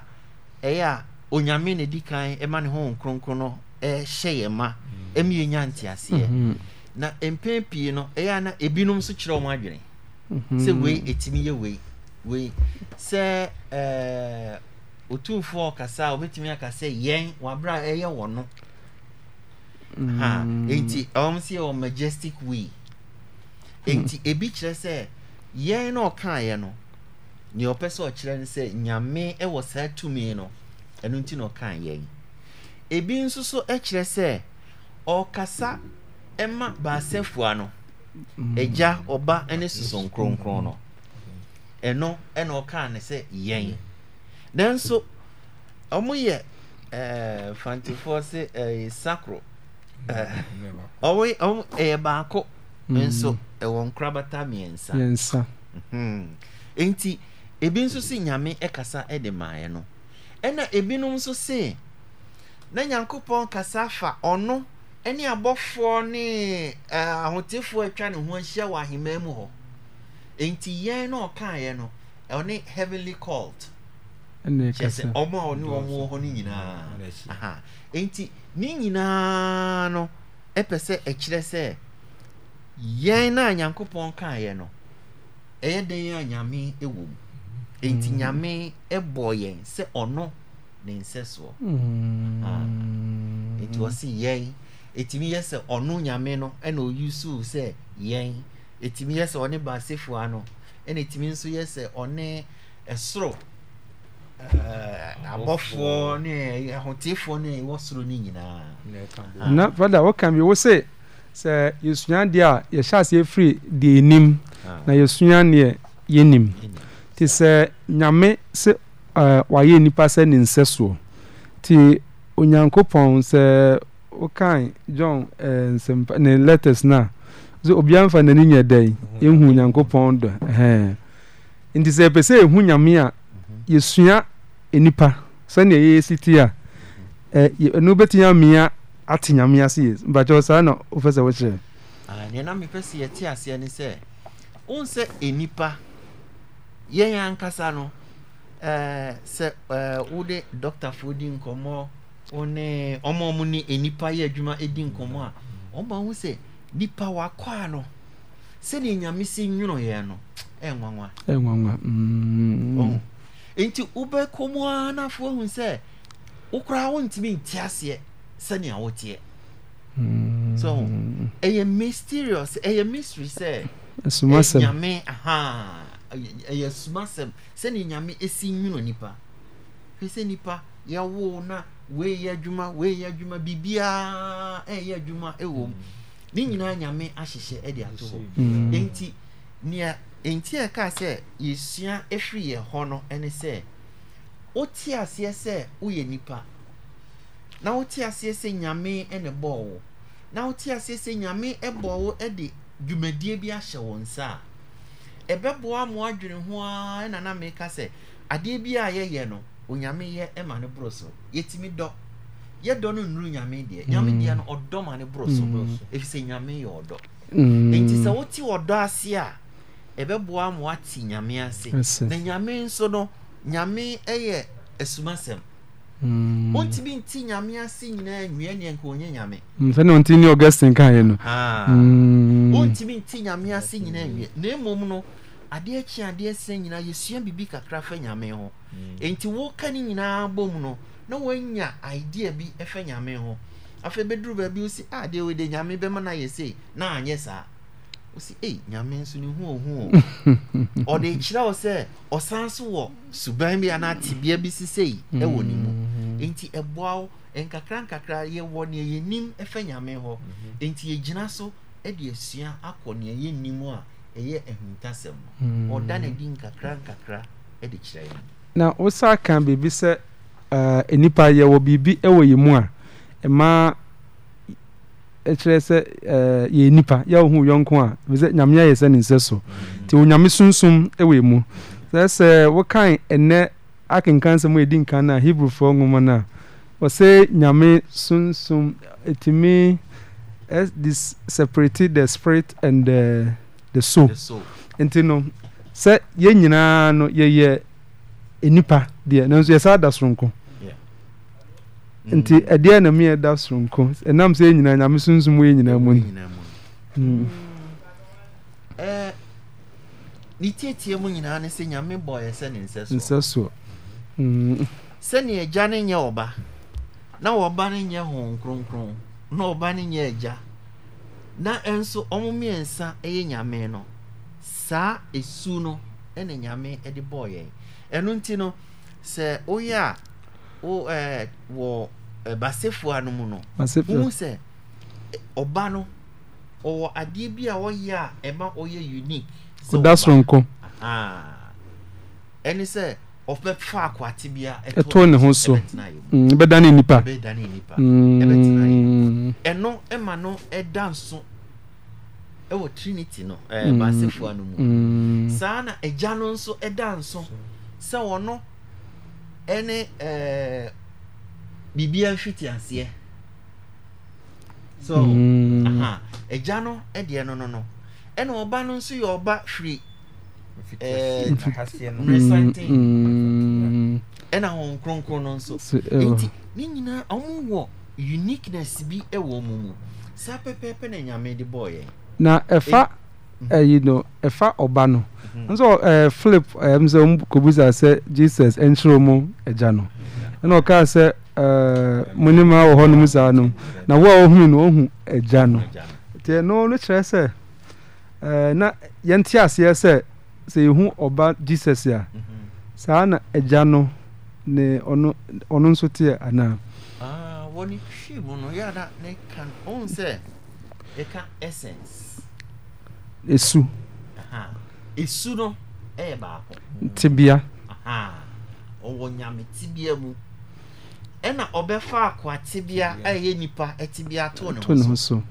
ɛyɛ a onyame na edi kan ɛma ne ho nkronkron no ɛhyɛ yɛn ma hmm. ɛmi yɛn nya nteaseɛ hmm. na mpɛn pii no ɛyɛ ana ebinom nso kyerɛ wɔn adwene hmm. sɛ wei etimi yɛ wei wei sɛ ɛɛ otumfoɔ ɔkasa a obetumi akasa yɛn wabra ɛyɛ wɔn no ha eti ɔmo si yɛ wɔ majestic way eti ebi kyerɛ sɛ yɛn na ɔkaayɛ no. nea ɔpɛ sɛ ɔkyerɛ no sɛ nyame wɔ saa tumi no ɛno nti na ɔka yɛn ebi nso so kyerɛ sɛ ɔrekasa ma baasɛfoa no agya ɔba ne soso nkronkron no ɛno na ɔka ne sɛ yɛn nanso ɔmo yɛ ɛɛ fantifoɔ se ɛɛ sakoro ɛɛ ɔmo ɔmo ɛyɛ baako mm-hmm. nso ɛwɔ nkorabata mmiɛnsa mmiɛnsa hmm. nti. ebi nso si nyame kasa de maeɛ no ɛna ebinom nso si na nyankopɔn kasa fa ɔno ɛne abɔfoɔ ne ahotefoɔ atwa ne ho ahyia wɔ ahemmaa mu hɔ nti yɛn na ɔkaeɛ no ɔne heavenly cult kyerɛ sɛ ɔmo a ɔne wɔn wɔ hɔ no nyinaa mm, enti ne nyinaa no ɛpɛ sɛ ɛkyerɛ sɛ yɛn na nyankopɔn kaeɛ no ɛyɛ dɛn a nyame wɔ mu nti mm. nyame ɛbɔ yɛn sɛ ɔno ne nsɛsoɔ mm. nti ɔsi yɛn ɛtumi yɛ sɛ ɔno nyame no ɛna oyi suu sɛ yɛn ɛtumi yɛ sɛ ɔne baasefoa no ɛna ɛtumi nso yɛ sɛ ɔne ɛsoro abɔfoɔ ne ahotefoɔ ne ɛwɔ soro no nyinaa na fada wɔka bi wo se sɛ yɛsua deɛ a yɛhyɛ aseɛ firi deɛ ɛnim ah. na yɛsua neɛ yɛnim ti sɛ nyame eh, sɛ wayɛ nipa sɛne nsɛ soɔ nti onyankopɔn sɛ wokae jonne eh, lettis nos obia mfa nani nyɛ da ɛhu onyankopɔn dɔ nti sɛ ɛpɛ sɛ ɛhu nyame a yɛsua nipa sɛneɛ ɛyɛyɛ si tee aɛnoobɛtiamea eh, ate nyame aseyɛ ɛsana wofɛ sɛ woyerɛ yɛn ankasa no ɛɛ eh, sɛ ɛɛ eh, wode dɔktafoɔ di nkɔmɔ wɔne ɔmo ɔmo ne nipa yɛ adwuma di nkɔmɔ a ɔmo ahu sɛ nipa wakɔ a no sɛdeɛ nyame si nwono yɛn no ɛnwanwa. ɛnwanwa mm. ɔmo nti wobɛkɔ mu ara n'afoɔ hu sɛ wokora wontumi nte aseɛ sɛnea woteɛ. Mm. so ɛyɛ mysterious ɛyɛ mystery sɛ. ɛyɛ suma sɛm sɛnea nyame esi nwunu nipa hwɛ sɛ nipa yɛwo na wei yɛ adwuma wei yɛ adwuma biribiara ɛyɛ adwuma ɛwɔ mu ne nyinaa nyame ahyehyɛ ɛde ato hɔ mm. enti nea enti ɛka sɛ yɛsua efiri yɛ hɔ no ɛne sɛ wote aseɛ sɛ woyɛ nipa na wote aseɛ sɛ nyame ɛna bɔɔ wo na wote aseɛ sɛ nyame ɛbɔɔ wo ɛde dwumadie bi ahyɛ wɔn nsa a. ɛbɛboa mo adwene ho ara ɛna na meka sɛ adeɛ bi a yɛyɛ no onyame yɛ ɛma no borɔ so yɛtumi dɔ yɛdɔ no nnuru nyame deɛ nyame mm. deɛ no ɔdɔ ma no borɔ so mm. ɛfiri nyame yɛ ɔdɔ mm. nti sɛ wote ɔdɔ ase a ɛbɛboa mo ate nyame ase na nyame nso no nyame ɛyɛ asumasɛm wontumi nti nyame ase nyinaa nwia neɛ nka ɔnyɛ nyame sɛne ɔnti ne augustin kaeɛ no ah. wontumi nti nyame ase nyinaa nwiɛ na mmom no adeɛ kye adeɛ sɛ nyinaa yɛsua biribi kakra fɛ nyame ho hmm. Nti woka no nyinaa bɔ mu no na woanya idea bi ɛfɛ nyame ho afei bɛduru baabi wosi a ah, deɛ wede nyame bɛma no ayɛ sei na anyɛ saa wosi ei nyame nso ne hu ɔhu o ɔde kyerɛ wo sɛ ɔsan so wɔ suban bi anaa tebea bi sisei. sei ɛwɔ ne mu ɛnti hmm. ɛboa wo nkakra nkakra yɛwɔ neɛ yɛnim ɛfɛ nyame hɔ hmm. Nti yɛgyina so ɛde asua akɔ neɛ yɛnnim a wo sa aka biribi sɛ eh, nipa yɛwɔ biribi wɔ ɛ mu a ɛma ɛkyerɛ sɛ eh, yɛ nipa yɛawohuyɔnkɔ a ɛsɛ nyameyɛayɛ sɛne nsɛ so hmm. nti onyame sonsom wɔɛmu sɛɛsɛ wokae ɛnɛ akenkasɛm ɛdi nka noa hebrewfoɔ noma no a ɔ sɛ nyame sonsom ɛtumi e eh, sepprity the spirit and the soul nti no sɛ yɛn nyinaa no yɛyɛ nipa deɛ nanso yɛsa da soronko nti mm. ɛdeɛ na mi yɛ da soronko ɛnam sɛ yɛn nyinaa nyame sunsun mu yɛn nyinaa mu ni. Mm. Eh, ne tietie mu nyinaa ne sɛ nyame bɔ yɛ sɛ ne nsɛ soɔ nsɛ soɔ mm. sɛnea agya ne nyɛ ɔba na ɔba ne nyɛ hon kronkron na ɔba ne nyɛ agya na nso ɔmo mmiɛnsa yɛ nyame no saa esu no na nyame de bɔɔ yɛn ɛno nti no sɛ woyɛ a eh, wo ɛɛ eh, wɔ basefoa no mu no wohu sɛ ɔba no ɔwɔ adeɛ bi a ɔyɛ a ɛma ɔyɛ unique. sɛ ɔda soronko. ɛne ah. sɛ ɔbɛfa akwate bi a ɛtɔ ne ho so ɛbɛda e mm, e ne nipa ɛno e mm. ɛma no ɛda nso ɛwɔ trinity no ɛɛ mm. baasefoa no mu saa na ɛgya no nso ɛda nso sɛ wɔno ɛne ɛɛ biribiara mfiti aseɛ so ɛgya no ɛdeɛ no no no ɛna ɔba no nso yɛ ɔba firi ɛna wɔn kronkron no nso nti ne nyinaa ɔmo uniqueness bi ɛwɔ mu mu saa pɛpɛɛpɛ na nyame de bɔɔ yɛn. na ɛfa ɛyi no ɛfa ɔba no nso ɛɛ eh, philip ɛɛm eh, sɛ kobusa sɛ jesus ɛnkyerɛ ɔmo ɛgya eh, no ɛna mhm. ɔkaa sɛ ɛɛ mo ne ma wɔ hɔ nom saa no na wo a ohun no ohun ɛgya no deɛ no no kyerɛ sɛ ɛɛ na yɛn te aseɛ sɛ. sɛ yɛhu ɔba jesus a mhm. saa na agya no ne ɔno nso teɛ anaa ah, wɔne twi mu no yɛada ne ka ɔhu essence ɛsu ɛsu no ɛyɛ baako tebea ɔwɔ nyame tebea mu ɛna ɔbɛfa akoa tebea ɛyɛ nipa tebea to ne ho so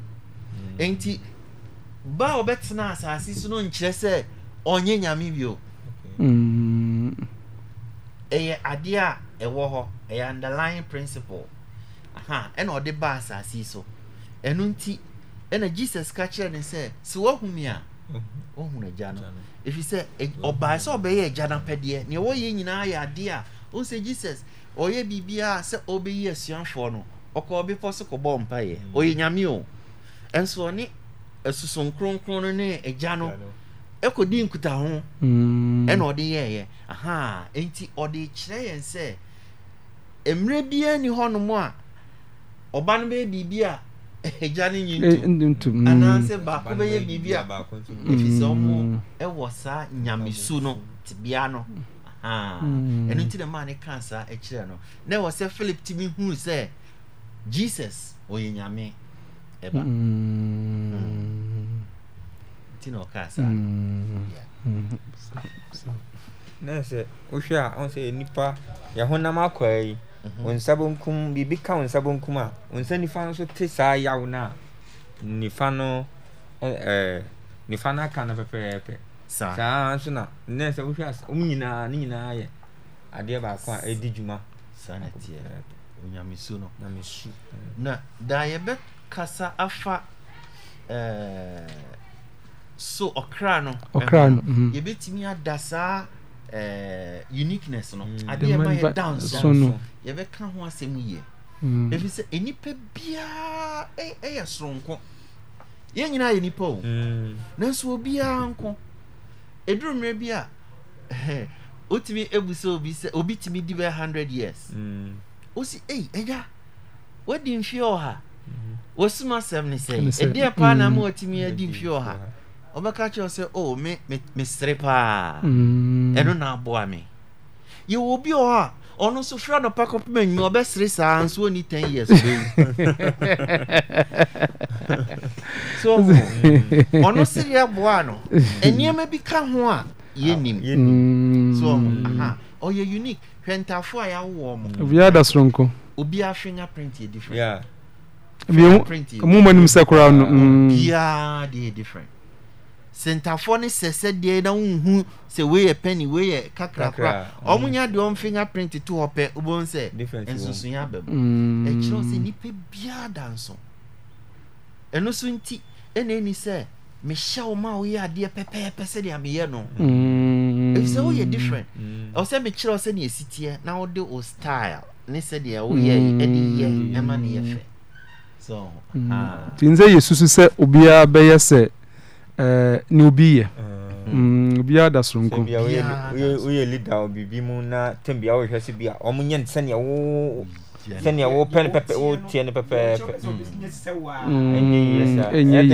nti ba a ɔbɛtena asase so no nkyerɛ sɛ ɔnyɛ nyame bio mm. ɛyɛ adeɛ a ɛwɔ hɔ ɛyɛ underlying principle aha ɛna ɔde ba asase so ɛno nti ɛna jesus ka kyerɛ ne sɛ sɛ woahu mi a mm-hmm. wohunu agya no ɛfiri sɛ ɔbaa sɛ ɔbɛyɛ agya no apɛdeɛ nea wɔyɛ nyinaa yɛ adeɛ a wo sɛ jesus ɔyɛ biribiaa sɛ ɔbɛyi asuafoɔ no ɔkɔ bepɔ so kɔbɔ mpayɛ mm. ɔyɛ nyame o ɛnso ɔne asusun kronkron no ne agya no ɛkɔ di nkuta ho hmm. ɛna ɔde yɛɛyɛ aha nti ɔde kyerɛ yɛn sɛ mmerɛ biara ni hɔnom a ɔba no bɛyɛ biribi a ɛgya no nyi ntum eh, hmm. anaasɛ baako bɛyɛ biribi a ɛfiri sɛ ɔmo hmm. ɛwɔ saa nyamesu no tebea no ɛno nti na maa ne kaa saa ɛkyerɛ no na ɛwɔ sɛ philip tumi huu sɛ jesus ɔyɛ nyame ɛba na ɔkaa saa na sɛ wohwɛ a ɔn sɛ nipa yɛhonam akɔa yi wo nsa bonkum biribi ka wo nsa bonkum a wo nsa nifa no so te saa yaw no a nifa no nifa no aka no pɛpɛɛpɛ saa nso na nɛ sɛ wohwɛ a wɔm nyinaa ne nyinaa yɛ adeɛ baako a ɛdi dwuma saa na teɛ onyamesu no nyamesu na daa kasa afa ɛɛ eh, so ɔkra no ɔkra no mhm. yɛbɛtumi ada saa eh, uniqueness no mm. adeɛ ɛba yɛ dance no yɛbɛka ho asɛm yie mm. ɛfiri sɛ nnipa biara ɛyɛ soronko yɛn nyinaa yɛ nipa o mm. nanso obiara nko ɛduru mmerɛ bi a wotumi ebu sɛ obi sɛ obi tumi di bɛ hundred years wosi ei ɛgya wadi mfe ɔha mm-hmm. wɔsoma asɛm ne sɛ ɛdeɛ paa na ma watumi adi mfe ɔha ɔbɛka kyerɛ sɛ o me mesere paa mm. ɛno na aboa me yɛwɔ obi wɔ hɔ a ɔno nso fira no pa kɔpem anwuma ɔbɛsere saa nso ɔni ten years bɛwu so mm, ɔno sereɛ aboa no nneɛma bi ka ho a yɛnim ah, so ɔyɛ unique hwɛ ntafoɔ a yɛawowɔ mo obiaa da soronko obiaa finger print yɛ different mu ma nim sɛ koraa no mm. biaa deɛ different sentafoɔ ne sɛ sɛdeɛ na wohu sɛ wei yɛ pɛni wei yɛ kakrakora ɔmo mm. nya deɛ ɔm finger print to hɔ pɛ wobɛhu sɛ nsusunya abɛm mm. ɛkyerɛw sɛ nnipa biaa da nso ɛno so nti ɛna ɛni sɛ mehyɛ wo ma woyɛ adeɛ pɛpɛɛpɛ sɛdeɛ meyɛ no mm. ɛfisɛ woyɛ different ɛwɔ sɛ mekyerɛ wo sɛdeɛ sitiɛ na wode wo style ne sɛdeɛ woyɛ ɛde yɛ ɛma no yɛ fɛ so ah. nti nsɛ yɛsusu sɛ obiaa bɛyɛ sɛ Eh, ne obiyɛobiadasowoyɛ eh. mm, lida biribi mu na ta bia wohwɛ sɛ bi mm. a ɔmonyɛn ɛ ɛneɛwwo teɛ no pɛpɛpɛ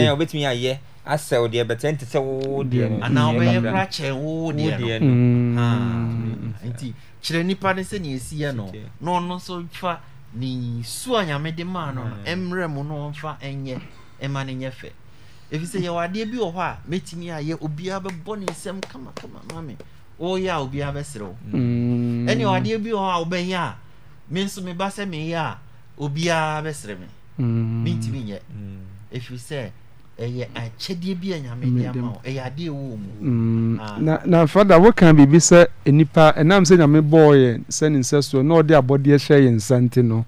wobɛtumiayɛ asɛwo deɛ bɛt nte sɛ woodeɛ nonɛyɛɛkɛ woedo nont kyerɛ nipa ne sɛnesiɛ no n ɔn so fa nesuo a nyamede maa nomɛ mu nmfa yɛmanoyɛ fɛ efi sɛ yɛwɔ adeɛ bi wɔ hɔ a mɛtumi ayɛ obiara bɛbɔ ne nsɛm kamakama mame wɔreyɛ a obiara bɛsere wo ɛne yɛwɔ adeɛ bi wɔ hɔ a wobɛyɛ a me nso meba sɛ meyɛ a obiara bɛsere me mentumi nyɛ ɛfiri sɛ ɛyɛ akyɛdeɛ bi a nyame de mm. ama wo ɛyɛ adeɛ ɛwɔ mu mm. ah. na na fada woka biribi sɛ nnipa ɛnam sɛ nyame bɔɔyɛ sɛ ne nsɛ soɔ na ɔde abɔdeɛ hyɛ yɛ nsa nti no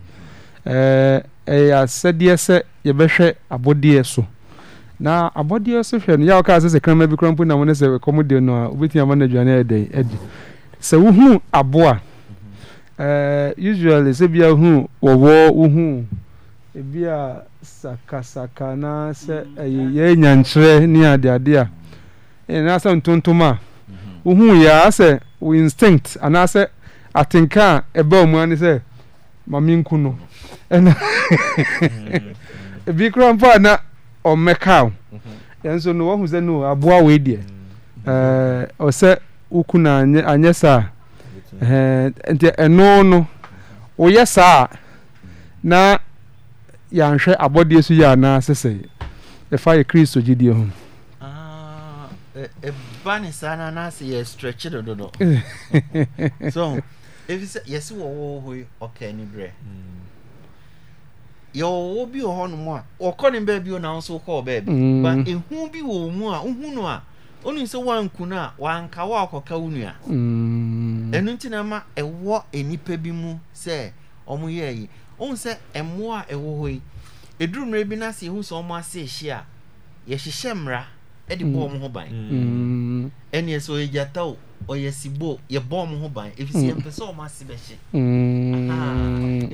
ɛyɛ eh, eh, asɛdeɛ sɛ yɛbɛhwɛ abɔdeɛ so na abɔdeɛ so hwɛ no yɛ wokaa sɛ sɛ krama bi korampo na no sɛ kɔmdeɛ no a wobɛtumi ama no aduane ɛdɛ adi sɛ wohu aboa usually sɛ bia wohu wɔwɔ wohu ebi a sakasaka na sɛ ɛyɛ yɛ nyankyerɛ ne adeade a ɛna sɛ ntontom a wohu yɛa sɛ wo instinct anaasɛ atenka a ɛba wo mu ane sɛ mame nku ɛna ebi korampo a na ɔmmɛkaw mm-hmm. ɛnso no wahu sɛ no aboa wei deɛ ɔsɛ woku no anyɛ saa nti ɛno no woyɛ mm-hmm. oh, saa na yɛanhwɛ abɔdeɛ e ah, e, e so yɛ anaa sesɛ ɛfa yɛ kristo gyidie ho ɛba ne saa no anaasɛ yɛ stretche no dodo yɛse wɔwɔ yɛwɔ bi wɔ hɔnom a wɔkɔ ne baabi o nanso wokɔ wɔ baabi mm. ba ehu bi wɔ mu a wohu no a onu sɛ wanku no a wanka wɔ akɔka wo nua mm. ɛno nti na ma ɛwɔ nnipa bi mu sɛ ɔmo yɛ yi ohu sɛ mmoa a ɛwɔ hɔ yi eduru mmerɛ bi n'ase ehu sɛ ɔmo ase ehyi a yɛhyehyɛ mmara ɛde bɔ ɔmo ho ban mm. ɛnna yɛ sɛ ɔyɛ gyata o ɔyɛ sibo yɛbɔ ɔmo ho ban efisɛ yɛmpɛ sɛ ɔmo ase bɛhyɛ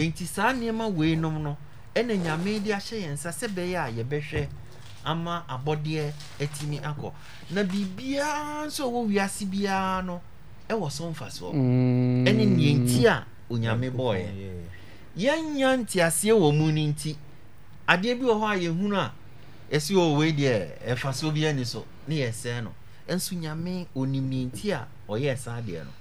nti saa nneɛma wei nom no. ɛna nyame de ahyɛ yɛn nsa sɛ bɛyɛ a yɛbɛhwɛ ama abɔdeɛ atumi akɔ na biribiara nso a ɔwɔ wiase biara no ɛwɔ so mfasoɔ mm. ɛne neɛ nti a onyame bɔɔyɛ yɛnya nteaseɛ wɔ mu no nti adeɛ bi wɔ hɔ a yɛhunu a ɛsi wɔ wei deɛ ɛfasoɔ bi ani so ne yɛsɛɛ no nso nyame onim ne nti a ɔyɛ saa deɛ no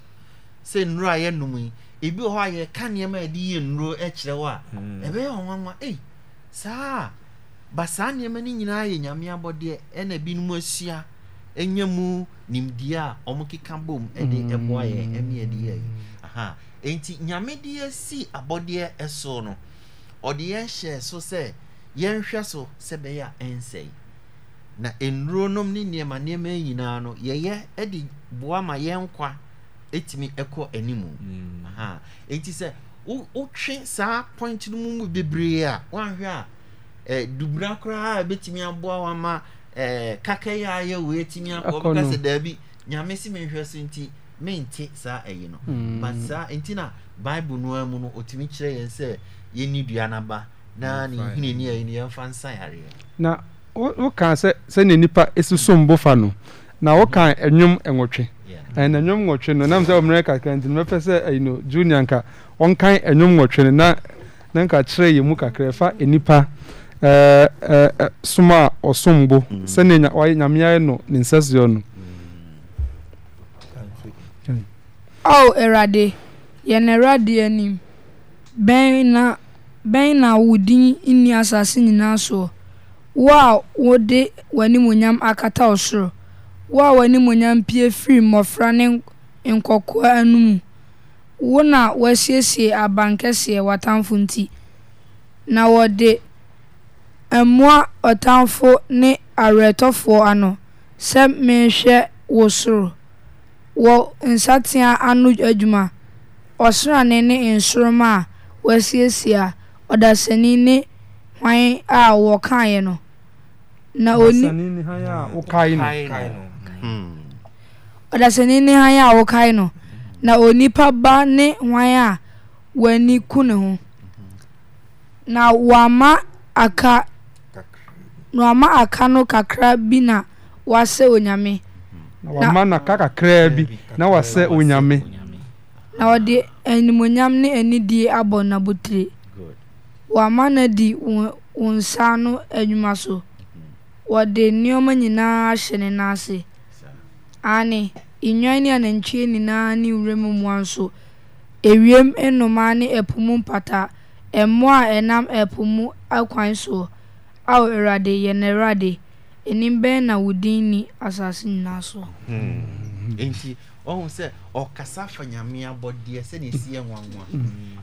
sɛ nnura a yɛnom yi ebi wɔ hɔ a yɛka nneɛma a yɛde yɛ nnuro kyerɛ wɔ a hmm. ɛbɛyɛ wɔn nwanwa saa ba saa nneɛma no nyinaa yɛ nyame abɔdeɛ ɛna mu a ɔmo bom ɛde hmm. ɛboa yɛn ɛmi yɛde yɛ yi aha nti nyame de asi abɔdeɛ ɛso no ɔde yɛn hyɛ so sɛ yɛnhwɛ so sɛ bɛyɛ a na nnuro nom ne nneɛma nneɛma nyinaa no yɛyɛ boa ma yɛn kwa ɛtumi ɛkɔ anim ɛnti mm. sɛ wotwe saa point no mu bebree a woahwɛ a dubra koraa bɛtumi aboa wama kaka yi a yɛ wei atumi aboa bɛka sɛ daabi nyame si menhwɛ so nti mente saa ɛyi no mm. but saa nti na bible no mu no ɔtumi kyerɛ yɛn sɛ yɛnni dua naba na ne nhini ni ɛyi no yɛmfa nsa yareɛ na wokaa sɛ sɛnea nnipa ɛsi so mbo no na wokaa ɛnwom mm. ɛnwɔtwe ɛna nnwom nwɔtwe no nam sɛ ɔmmerɛ kakra nti mɛpɛ sɛ ɛyino junior nka ɔnkan ɛnwom nwɔtwe no na na nka kyerɛ yɛ mu kakra ɛfa nipa som a ɔsom bo mm. sɛnea ɔyɛ nyame ayɛ no ne nsɛsoɔ no ao awurade yɛne awurade anim bɛn na bɛn na wo din nni asase nyinaa soɔ wo a wode w'animuonyam akata ɔsoro wo a w'anim nya mpie firi mmɔfra ne nkɔkoa anum mu wo na wɔasiesie abankɛseɛ w'atamfo nti na wɔde mmoa ɔtamfo ne awerɛtɔfoɔ ano sɛ mehwɛ wo soro wɔ nsatea ano adwuma ɔsrane ne nsoroma a wɔasiesie a ɔdasani ne hwan a wɔkaeɛ no na oni Hmm. ɔdasani ne hann a wokae no na onipa ba ne hwan a w'ani ku ne ho na wama aka na wama aka no kakra bi na wasɛ onyame na wama naka kakra bi na wasɛ onyame na ɔde animonyam ne anidie abɔ nabotire wama na di wo nsa no adwuma so wɔde nneɔma nyinaa hyɛ ne naase ane nnwan ne anantwie nyinaa ne nwuram mmoa nso ewiem nnomaa ne ɛpo mu mmoa a ɛnam ɛpo mu akwan so, ao awurade yɛ na awurade anim bɛn na wo din ni asase nyinaa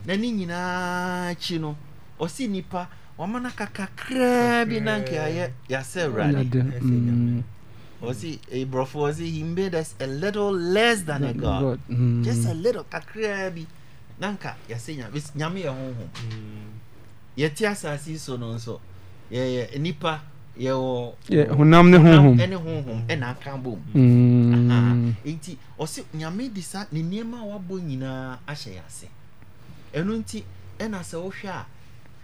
na ne nyinaa akyi no no was he a brother was he he made us a little less than a god, god. Mm. just a little kakra bi na nka yɛsɛ nyame nyame yɛ honhom hmm. yɛte asase so no nso yɛyɛ nipa yɛwɔ oh. honam hmm. uh, oh, hmm. ne honhom ne honhom ɛna aka bom nti ɔse nyame de sa ne nneɛma a wabɔ nyinaa ahyɛ yɛ ase ɛno nti ɛna sɛ wohwɛ a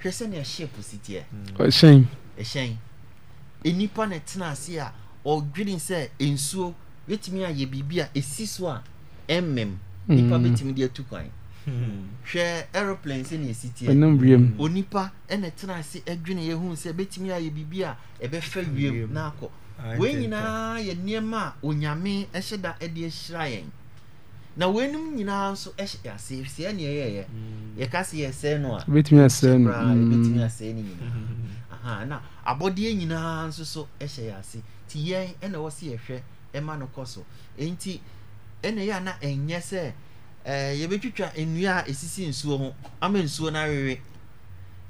hwɛ sɛnea hyɛpo si teɛ ɛhyɛn ɛhyɛn nipa na ɛtena ase a ɔdwene sɛ nsuo bɛtumi ayɛ biribi a ɛsi so a ɛmmɛm hmm. nipa bɛtumi de atu kwan hmm. hwɛ aeroplane sɛ ne ɛsi tiɛ onipa ɛna tena ase adwene yɛhu sɛ bɛtumi ayɛ biribi a ɛbɛfa wiem na akɔ wei nyinaa yɛ nneɛma a onyame ɛhyɛ da ɛde ahyira yɛn na wɔanom nyinaa nso ɛhyɛ ase hmm. sɛ ɛneɛ yɛyɛ yɛka se yɛsɛe no a bɛtumi asɛe no bɛtumi asɛe no nyinaa na abɔdeɛ nyinaa nso so ɛhyɛ yɛ ase nti yɛn ɛna ɛwɔ si yɛhwɛ ɛma no kɔ so nti ɛna yɛ ana ɛnyɛ sɛ ɛɛ eh, yɛbɛtwitwa nnua a esisi nsuo ho ama nsuo no awewe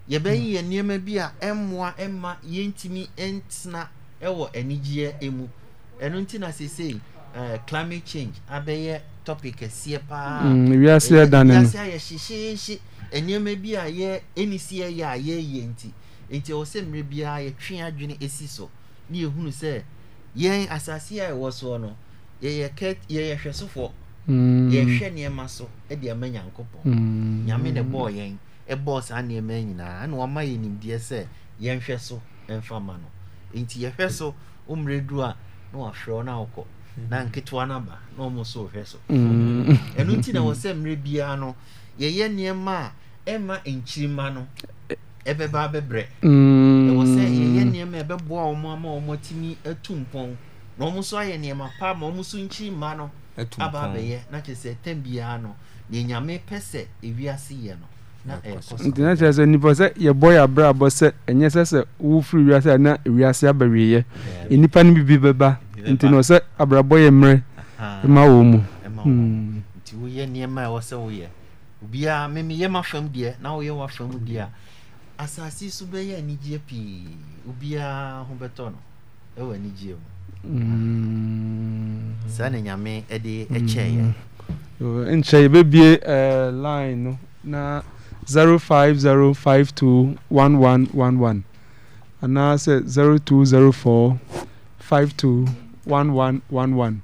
yɛbɛyi hmm. yɛn nneɛma bi a ɛmmoa ɛma yɛntumi ɛntena ɛwɔ anigyeɛ ɛmu ɛno nti na sesei eh, climate change abɛyɛ topic kɛseɛ paa hmm, wiase ɛda ne no wiase ayɛ hyehyeehye nneɛma bi a yɛ ɛnisi yɛ yɛ a yɛyɛ nti nti ɛwɔ sɛ mmerɛ biara yɛtwe adwene esi so. Mm ne yɛhunu sɛ yɛn asase a ɛwɔ soɔ no yɛyɛ kɛ yɛyɛ hwɛsofoɔ mm. yɛhwɛ nneɛma so de ama nyankopɔn mm. nyame na ɛbɔɔ yɛn ɛbɔɔ saa nneɛma nyinaa na wama yɛ nimdeɛ sɛ yɛnhwɛ so mfa ma no nti yɛhwɛ so wo mmerɛ a na wafrɛ no a wokɔ na nketewa no aba na ɔmo so wohwɛ mm. so ɛno nti na wɔ sɛ mmerɛ biara no yɛyɛ nneɛma a ɛma nkyirima no ɛbɛba abɛbrɛ ɛwɔ mm. sɛ yɛyɛ nneɛma ɛbɛboa wɔn ama wɔn atumi atu mpɔn na wɔn nso ayɛ nneɛma paa ma wɔn nso nkyiri mma no aba abɛyɛ na kyerɛ sɛ tɛm biara no nyame pɛ sɛ ewiase yɛ no na ɛkɔ so nti kyerɛ sɛ nipa sɛ yɛbɔ yɛ abɔ sɛ ɛnyɛ sɛ sɛ wofiri wiase na wiase aba no bibi bɛba nti na asase so bɛyɛ anigyeɛ pii obiara ho bɛtɔ no ɛwɔ anigyeɛ mu mm. saa ne nyame de kyɛeɛ nkyɛ yɛbɛbie line no na 0505211111 anaasɛ 0204 521111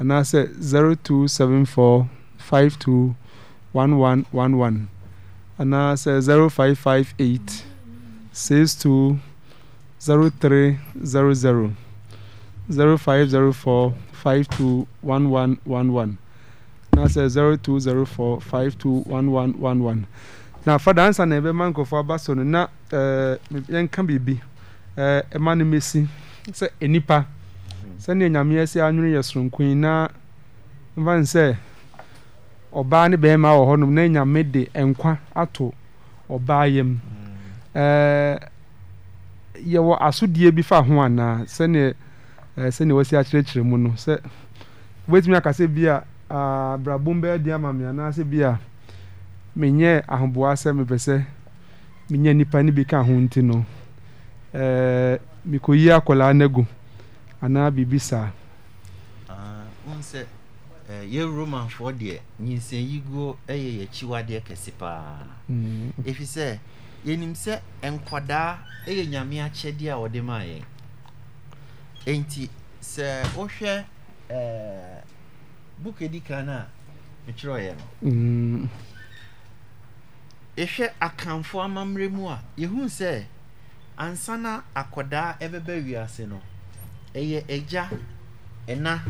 anaasɛ 0274 521111 ana sɛ 0558 62 03 00 0504 521111 nasɛ 0204 521111 na afa dansa nea ɛbɛma nkɔfoɔ aba so no na eh, yɛnka biribi eh, ɛma no mɛsi sɛ nipa mhm. sɛneɛ nyameɛ ase a anwene yɛ soronkoyi naa mfa ne sɛ ɔbaa ne bɛrima wɔ hɔnom na nyame de nkwa ato ɔbaa yam ɛɛ mm. eh, yɛwɔ asodie bi fa ho anaa sɛnea ɛɛ eh, sɛnea wɔsi akyerɛkyerɛ mu no sɛ wobɛtumi akasɛ bi a ah, abrabom bɛyɛ di ama mi anaasɛ bi a menyɛ ahoboa sɛ mepɛ sɛ menyɛ nipa ne bi ka ho nti no ɛɛ eh, mekɔyi akwadaa n'agu anaa biribi saa. Uh, yɛ romanfoɔ deɛ nyinsɛnyi guo yɛ yɛkyiwadeɛ kɛse paa ɛfiri mm. sɛ yɛnim sɛ nkwadaa yɛ nyame akyɛdeɛ a wɔde maa yɛn enti sɛ wohwɛ book edi kan a metwerɛeɛ no yɛhwɛ mm. akamfo amammerɛ mu a yɛhu sɛ ansa na akwadaa ɛbɛba wiase no ɛyɛ agya ɛna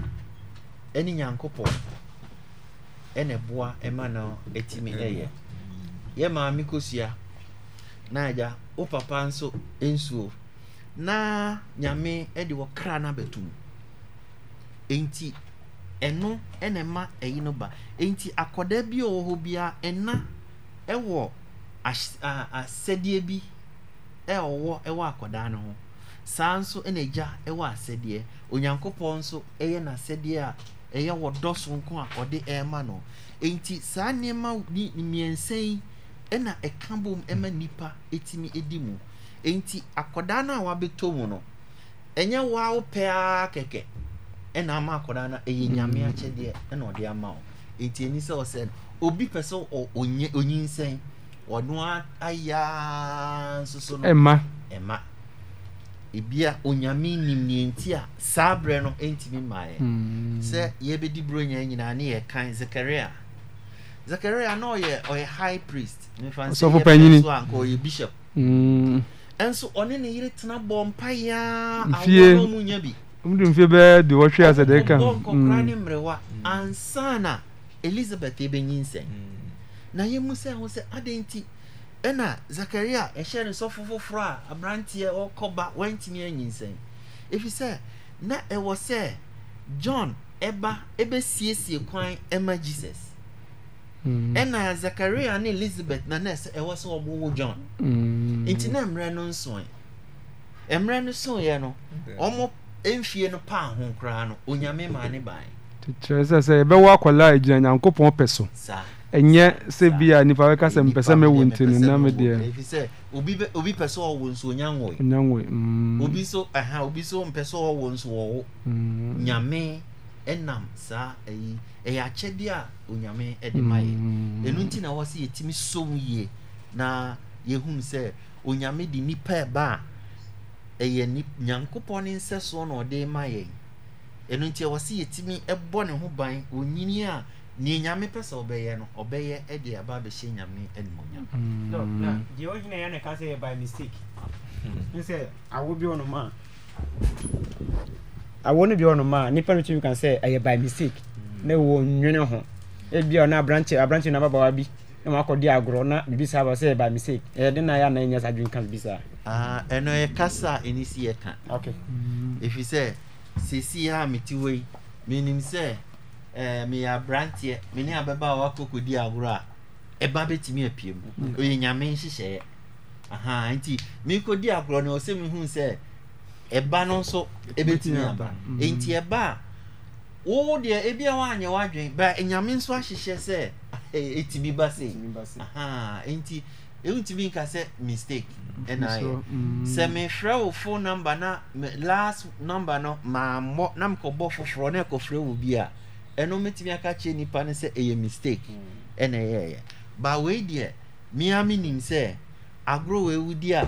ɛne nyankopɔn ɛna ɛboa ɛma na ɛtumi ɛyɛ yɛ maame kosua na agya wo papa nso nsuo na nyame ɛde wɔ kra no abɛtum enti ɛno ɛna ɛma ɛyi no ba enti akɔda bi a ɔwɔ hɔ biara ɛna ɛwɔ asɛdeɛ bi ɛwɔ ɛwɔ akɔdaa no ho saa nso ɛna agya ɛwɔ asɛdeɛ onyankopɔn nso ɛyɛ n'asɛdeɛ a ɛyɛ wɔ dɔso nko a ɔde ɛrema no nti saa nneɛma ni mmiɛnsa yi ɛna ɛka bom ɛma nipa ɛtumi ɛdi mu nti akwadaa no a wabɛtɔ mu no ɛnyɛ waa pɛɛ kɛkɛ ɛna ama akwadaa no ɛyɛ nyame akyɛdeɛ ɛna ɔde ama wo nti ɛni sɛ ɔsɛ no obi pɛ sɛ ɔnyinsɛn ɔno ayɛ nso so no ɛma ɛma bia a onyame nim ne nti a saa berɛ no ntumi mmaeɛ hmm. sɛ yɛbɛdi borɔ nya nyinaa ne yɛkan zakaria zakaria na ɔyɛ ɔyɛ high priest mfansɛsɔfo so anka ɔyɛ bishop ɛnso hmm. ɔne ne yere tena bɔ mpayɛa awɔ mu nya bi mde mfie bɛɛ de wɔtwe a sɛ deɛ ka nkɔkora ne hmm. mmerewa ansa na elizabeth ɛbɛnyi nsɛn na yɛmu sɛ ho sɛ adɛn nti ɛna zakaria ɛhyɛ no sɔfo foforɔ a aberanteɛ ɔkɔba wantumi anyinsɛn ɛfiri sɛ na ɛwɔ sɛ john ɛba ɛbɛsiesie kwan ɛma jesus mm. ɛna zakaria ne elizabeth na nurse ɛwɔ sɛ ɔbɛwo john mm. nti na mmerɛ no nsoe mmerɛ no soeɛ no ɔmo mfie no paa ho koraa no onyame maa ne ban kyerɛ sɛ sɛ yɛbɛwɔ akwadaa a ɛgyina nyankopɔn pɛ so saa ɛnyɛ sɛ bi a nipa bɛka sɛ mpɛ sɛ mɛwo nti no na me deɛ obi pɛ sɛ ɔwo nso onyanwoe onyanwoe obi nyame ɛnam saa ɛyi ɛyɛ akyɛdeɛ a onyame ɛde ma mm. na wɔ sɛ yɛtumi som yie na yɛhunu sɛ onyame de nipa ɛba a ɛyɛ nyankopɔn ne na ɔde ma yɛn ɛnu nti ɛwɔ sɛ ni nyame pɛ sɛ ɔbɛyɛ no ɔbɛyɛ ɛde aba abɛhyɛ nyame animonyam mm. deɛ ɔgyina yɛ no ka sɛ by mistake ne hmm. sɛ awo bi ɔnom a awo no bi ɔnom a nnipa no tumi ka sɛ ɛyɛ by mistake hmm. na ɛwɔ nwene ho ebia ɔno abrante abrante no ababawa bi na wakɔde agorɔ na biribi saa ba sɛ by mistake ɛyɛ de na yɛ ana ɛnyɛ saa dwen ka biribi saa ah, ɛno yɛ kasa a ɛni si yɛ ka ɛfiri hmm. sɛ seesii a mete wei menim sɛ eh, meyɛ aberanteɛ me ne abɛba a wakɔkɔdi agorɔ a ɛba bɛtumi apue mu mm-hmm. ɔyɛ nyame nhyehyɛeɛ aha nti mekɔdi agorɔ no ɔsɛ mehu sɛ ɛba no nso ɛbɛtumi aba mm-hmm. nti ɛba a wo deɛ ebi a woanyɛ w'adwen ba nyame nso ahyehyɛ sɛ eh, ɛtumi ba sei aha nti ɛntumi nka sɛ mistake mm-hmm. ɛna ayɛ sɛ mefrɛ wo phone number na last number no maammɔ na mekɔbɔ foforɔ na ɛkɔfrɛ wo bi a ɛno mɛtumi aka kyerɛ nipa no sɛ ɛyɛ mistake hmm. ɛna ɛyɛɛyɛ ba wei deɛ mia mi nim sɛ agorɔ wei wudi a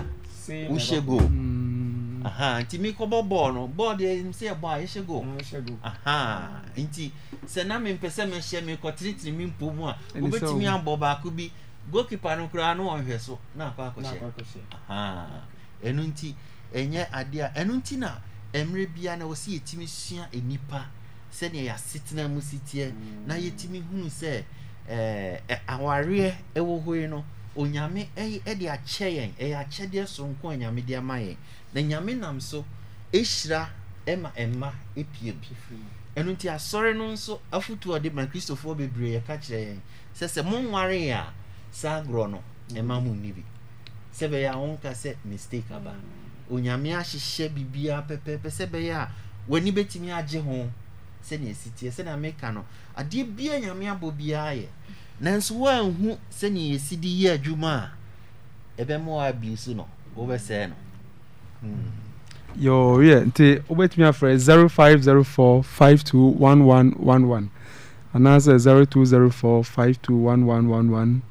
wohyɛ go hmm. nti mekɔbɔ bɔɔl no bɔɔl deɛ m sɛ ɛbɔ a yɛhyɛ go hmm, nti sɛ na mempɛ sɛ mehyɛ mekɔtenetene me mpo mu a wobɛtumi abɔ baako bi gokipa no koraa na ɔnhwɛ so na akɔ akɔhyɛ ɛno nti ɛnyɛ adeɛ a nti na mmerɛ bia na wɔ sɛ yɛtumi sua nnipa sɛdeɛ yɛasetena mu si teɛ mm. na yɛtumi hunu sɛ eh, eh, awareɛ ɛwɔ hɔ yi no onyame ɛde akyɛ yɛn ɛyɛ akyɛdeɛ soronko a nyame de ama yɛn na nyame nam so ɛhyira ɛma ɛma ɛpiem ɛno nti asɔre no nso afotuo ɔde ma kristofoɔ bebree yɛka kyerɛ yɛn sɛ sɛ monware yɛ a saa agorɔ no mm. ɛma mu nni bi sɛ bɛyɛ a wonka sɛ mistake aba mm. onyame ahyehyɛ biribiara pɛpɛɛpɛ sɛ bɛyɛ a w'ani bɛtumi agye ho sɛnea ɛsi teɛ sɛnea meka no adeɛ biara nyame abɔ biara yɛ nanso woanhu sɛnea yɛsi de yɛ adwuma a ɛbɛma waabili so no wobɛsɛe no hmm. yo yeah nti wobɛtumi afrɛ 0504 521111 anaasɛ 0204 521111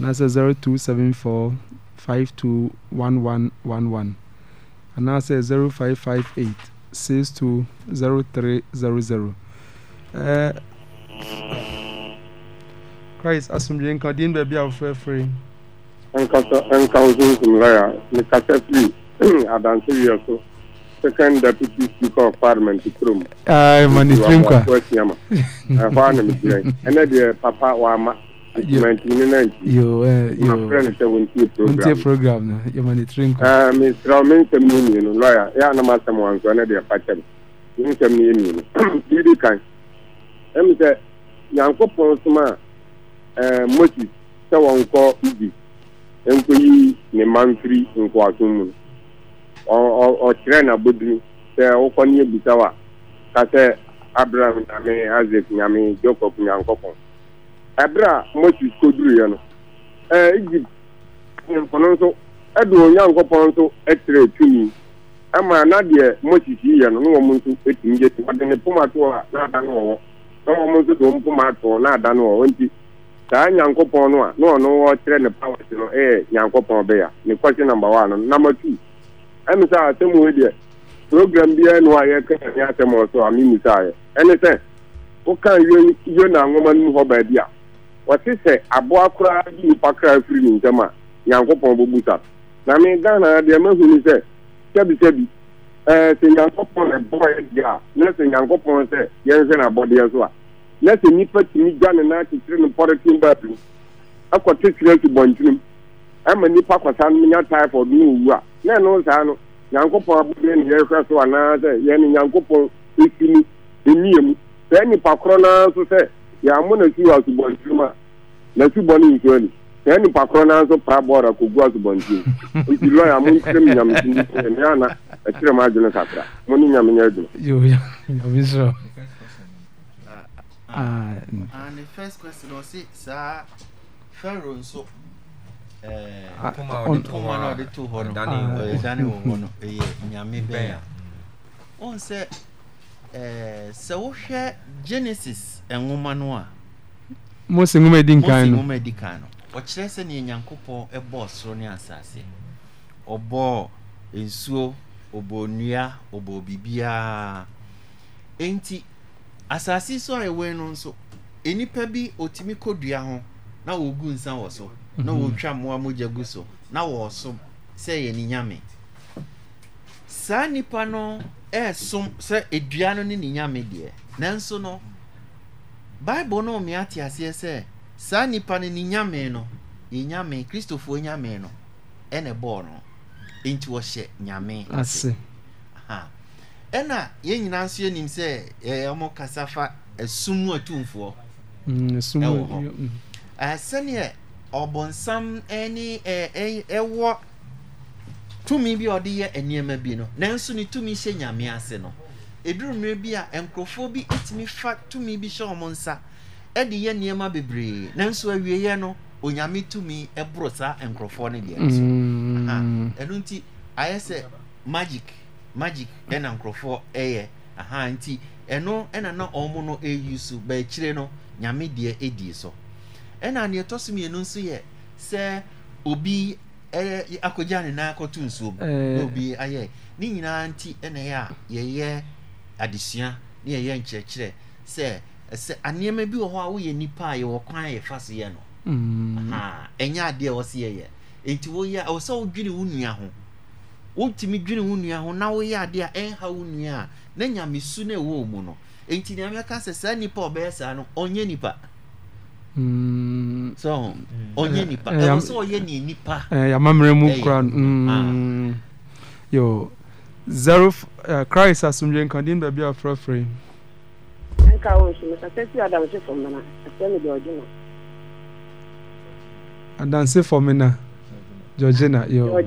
anaasɛ 0274 521111 anaasɛ 0558 six two zero three zero zero. Christ asumdwe nka din baabi a wofrɛfrɛ nka wo sonsom laya mekasa firi adanse wiɛ so second deputy speaker of parliament kurom ma ne tirim kwa ɛhɔ a na megyerɛ ɛnɛ deɛ papa waama ntie program no yɛma ne tiri nkɔmesrɛ me nsɛm no mmienu lɔya yɛ anam asɛm wansoa no deɛ fa kyɛm me nsɛm no yɛ mmienu biribi kan ɛm sɛ nyankopɔn soma a moses sɛ wɔnkɔ egypt nkɔyi ne ma mfiri nkoasom mu no ɔkyerɛ n'abɔduru sɛ wokɔ ne yɛbusaw a ka sɛ abraham nyame isaac nyame jacob nyankopɔn ɛberɛ a moses kɔduruiɛ no egypt nyimfono nso edu ɛde onyankopɔn nso etu tumi ama na deɛ moses yi yiyɛ no na wɔn nso etu yɛ ti wɔde ne poma to a n'ada no wɔwɔ na wɔn nso dị wɔn poma ato n'ada no wɔwɔ nti saa nyankopɔn no a na ɔno wɔkyerɛ ne powers no ɛyɛ nyankopɔn bɛya ne kɔsi namba one no namba two ɛmi sɛ asɛm wo deɛ program biara no a yɛka ne asɛm wɔ so a mi mi sa yɛ ɛne sɛ woka yona nwoma no mu hɔ baabi a wɔte sɛ aboa koraa de nipa kra firi ne nsɛm a nyankopɔn bɛbu sa na me ghana deɛ mahu sɛ sɛbisɛbi sɛ nyankopɔn deɛ a na sɛ nyankopɔn sɛ yɛnhwɛ so na sɛ nnipa tumi gya ne na kyekyere no pɔretin akɔte ama nnipa kɔsa ne owu a na ɛno saa no nyankopɔn ne yɛhwɛ so yɛne nyankopɔn ɛsi mu yàmú na si wà asubọ̀ntin mu a na si bọ̀ ne nsuo ni sẹ́yìn nípa korɔ náà nso pa bọ́ọ̀rù akogu asubọ̀ntin nti lọ́ọ̀yà mo ń tẹ́lẹ̀ mu nyàmú ti ẹ̀ ní àná ẹ̀kyerẹ̀ mu adwene kakra mo ní nyàmú nyà adwene. yóò yàmú sọ. and the first question ọ sị saa fero nso poma na ọdị to hɔ no ɛdane wɔ hɔ no ɛyɛ nyame bɛn eh, genesis nwoma no a mose nwoma edi nkan no nwoma edi kan no ɔkyerɛ sɛ nea nyankopɔn ɛbɔɔ soro ne asase ɔbɔɔ nsuo ɔbɔɔ nnua ɔbɔɔ biribiara enti asase so a ɛwɔ no nso nnipa bi otumi kɔ dua ho na wɔgu nsa wɔ so na mhm. wotwa mmoa mogya gu so na wɔsom sɛ yɛ ne nyame saa nnipa no ɛɛsom sɛ edua no ne ne nyame deɛ nanso no bible no me ate aseɛ sɛ saa nipa no ne nyame no yɛ nyame nyame no ɛna ɛbɔɔ no enti wɔhyɛ nyame ase ɛna yɛn nyinaa nso yɛnim sɛ ɛɛ ɔmo kasa fa esum atumfoɔ mm, ɛwɔ hɔ ɛsɛnea mm. ɔbɔnsam ɛne ɛɛ ɛwɔ tumi bi ɔde yɛ nneɛma bi no nanso ne tumi hyɛ nyame ase no ɛduru mmerɛ bi a nkurɔfoɔ bi tumi fa tumi bi hyɛ wɔn nsa de yɛ nneɛma bebree nanso awieeɛ no onyame tumi boro saa nkurɔfoɔ no deɛ nso mm. ɛno nti ayɛ sɛ magic magic ɛna nkurɔfoɔ ɛyɛ aha nti ɛno ɛna na wɔn no ɛyi so bɛɛkyire no nyame deɛ ɛdi so ɛna deɛ ɛtɔ so mmienu nso yɛ sɛ obi ɛyɛ akɔgya ne nan akɔto nsuo mu na obi ayɛ ne nyinaa nti ɛna ɛyɛ a yɛyɛ adesua ne yɛyɛ nkyerɛkyerɛ sɛ sɛ anneɛma bi wɔ hɔ a woyɛ nipa a yɛwɔ kwan a yɛfa so no mm. ɛnyɛ adeɛ ɛwɔ se yɛyɛ nti woyɛ ɛwɔ sɛ wodwene wo nua ho wotumi dwene wo nua ho na woyɛ adeɛ a ɛnha wo nua a na nyamesu no ɛwɔ mu no nti nea mɛka sɛ saa nipa ɔbɛyɛ saa no ɔnyɛ nipa mm. so mm. ɔnyɛ eh, nipa eh, ɛwɔ sɛ ɔyɛ ne nipa eh, yɛamammerɛ mu kora ah. yo zero eh, christ asomdwe nkaden baabi a frɛfrɛ nka wo me georgina georgina yo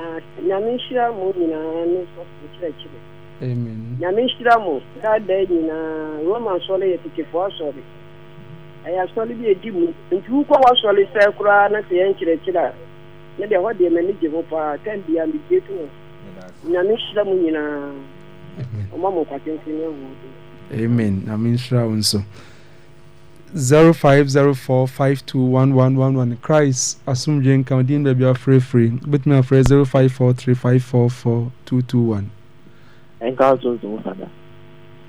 ah, nyame nhyira mo nyinaa ne sɔfo kyerɛkyerɛ nyame nhyira mo daa daa nyinaa roma sɔre yɛ tekefoɔ asɔre ɛyɛ asɔre bi edi mu nti wokɔ wɔ asɔre sɛ koraa na sɛ yɛnkyerɛkyerɛ a ne deɛ hɔ deɛ m'ani gye ho paa tan bia megye to hɔ nyame hyira mu nyinaa ɔma mo kwatenten ne ahoɔden amen na menhyira wo nso 0504521111 christ asomdwe nka free free afrɛfrɛ wobɛtumi afrɛ 0543544221 ɛnka so nso fada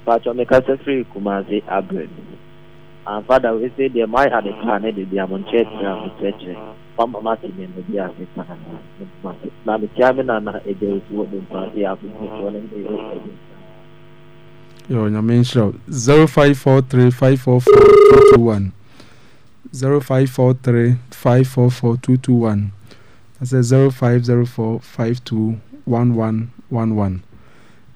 patwɔ mekasa firi kumase abrɛ amfada wei sɛ deɛ mayɛ adekaa ne de deɛ amonkyerɛkyerɛ a mekyerɛkyerɛ pamamatin din nagyamit na nagmasit namit yamin na naka-ideas wo din pa yapin mo so ng ideas Yo, na main show 0543544221 0543544221 That's 0504521111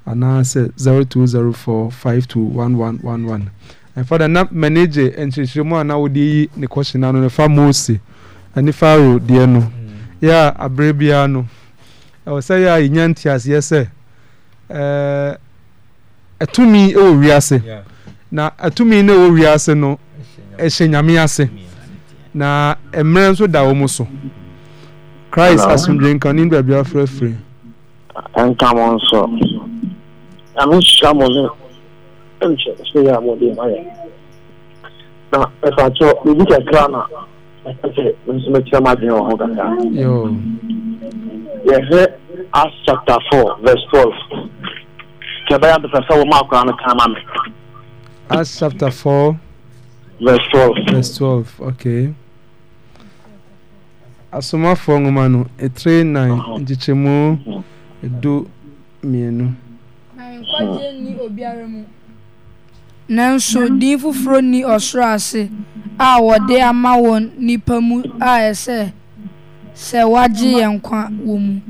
and now I said 0204521111 and for the nap manager and she should know now the question on the famous ɛne faro deɛ no mm. yɛ a aberɛ biara no ɛwɔ sɛ yɛ a yɛnya nteaseɛ sɛ ɛtumi ɛwɔ wiase na atumi no ɛwɔ wiase no ɛhyɛ nyame ase na mmerɛ nso da wɔn so christ asomdwe nka ne baabi afrɛfrɛ ɛnka mo nso na mehyira mo ne ɛnkyɛ sɛ yɛ a mɔdeɛ mayɛ na ɛfa kyɛ biribi kakra na mekyerɛ madwene wɔ ho kakra yɛhwɛ acts chapter four verse twelve kyɛbɛyɛ mpɛsɛ sɛ wɔ ma akora no ka ma me acts chapter four verse twelve verse twelve okay asomafoɔ nwoma no ɛtire nan uh-huh. nkyekyɛmu edu mmienu na nkwagye nni obiara mu nanso din foforɔ ni ɔsoro ase a wɔde ama wɔn nipa mu a ɛsɛ sɛ wagye yɛn nkwa wɔ mu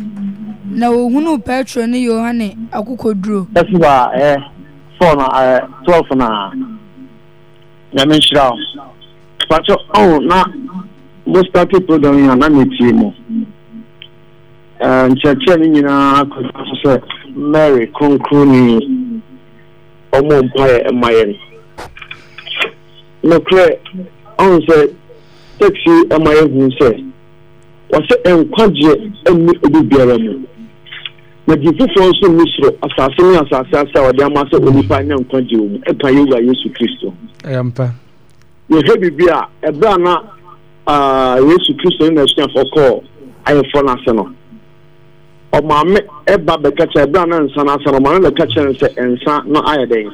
na ohunu petro ne yohane akokoduro. ɛsi wa ɛɛ four na ɛɛ eh, twelve na nyame nhyira o pàtó ɔn oh, na mosita pipo dɔn yɛn na n'etie mu ɛɛ eh, nkyɛnkyɛn ne nyinaa kò sɛ mary kronkronni. ọmọ mpaeɛ ɛma yɛn nokorɛ ɔn sɛ taxi ɛma yɛn hu sɛ wɔsɛ nkwagyeɛ ɛmu obi biara mu na di foforɔ nso mu soro asase ne asase ase a wɔde ama sɛ onipa mm-hmm. nya nkwagyeɛ wɔ mu ɛka yɛwura yesu kristo yɛhwɛ biribi a ɛberɛ a na yesu kristo ne n'asuafoɔ kɔɔ ayɛfoɔ no ase no ɔmaame ɛba bɛka kyɛ ɛbra na nsa no asa no ɔmaame bɛka kyɛ no sɛ nsa no ayɛ dɛn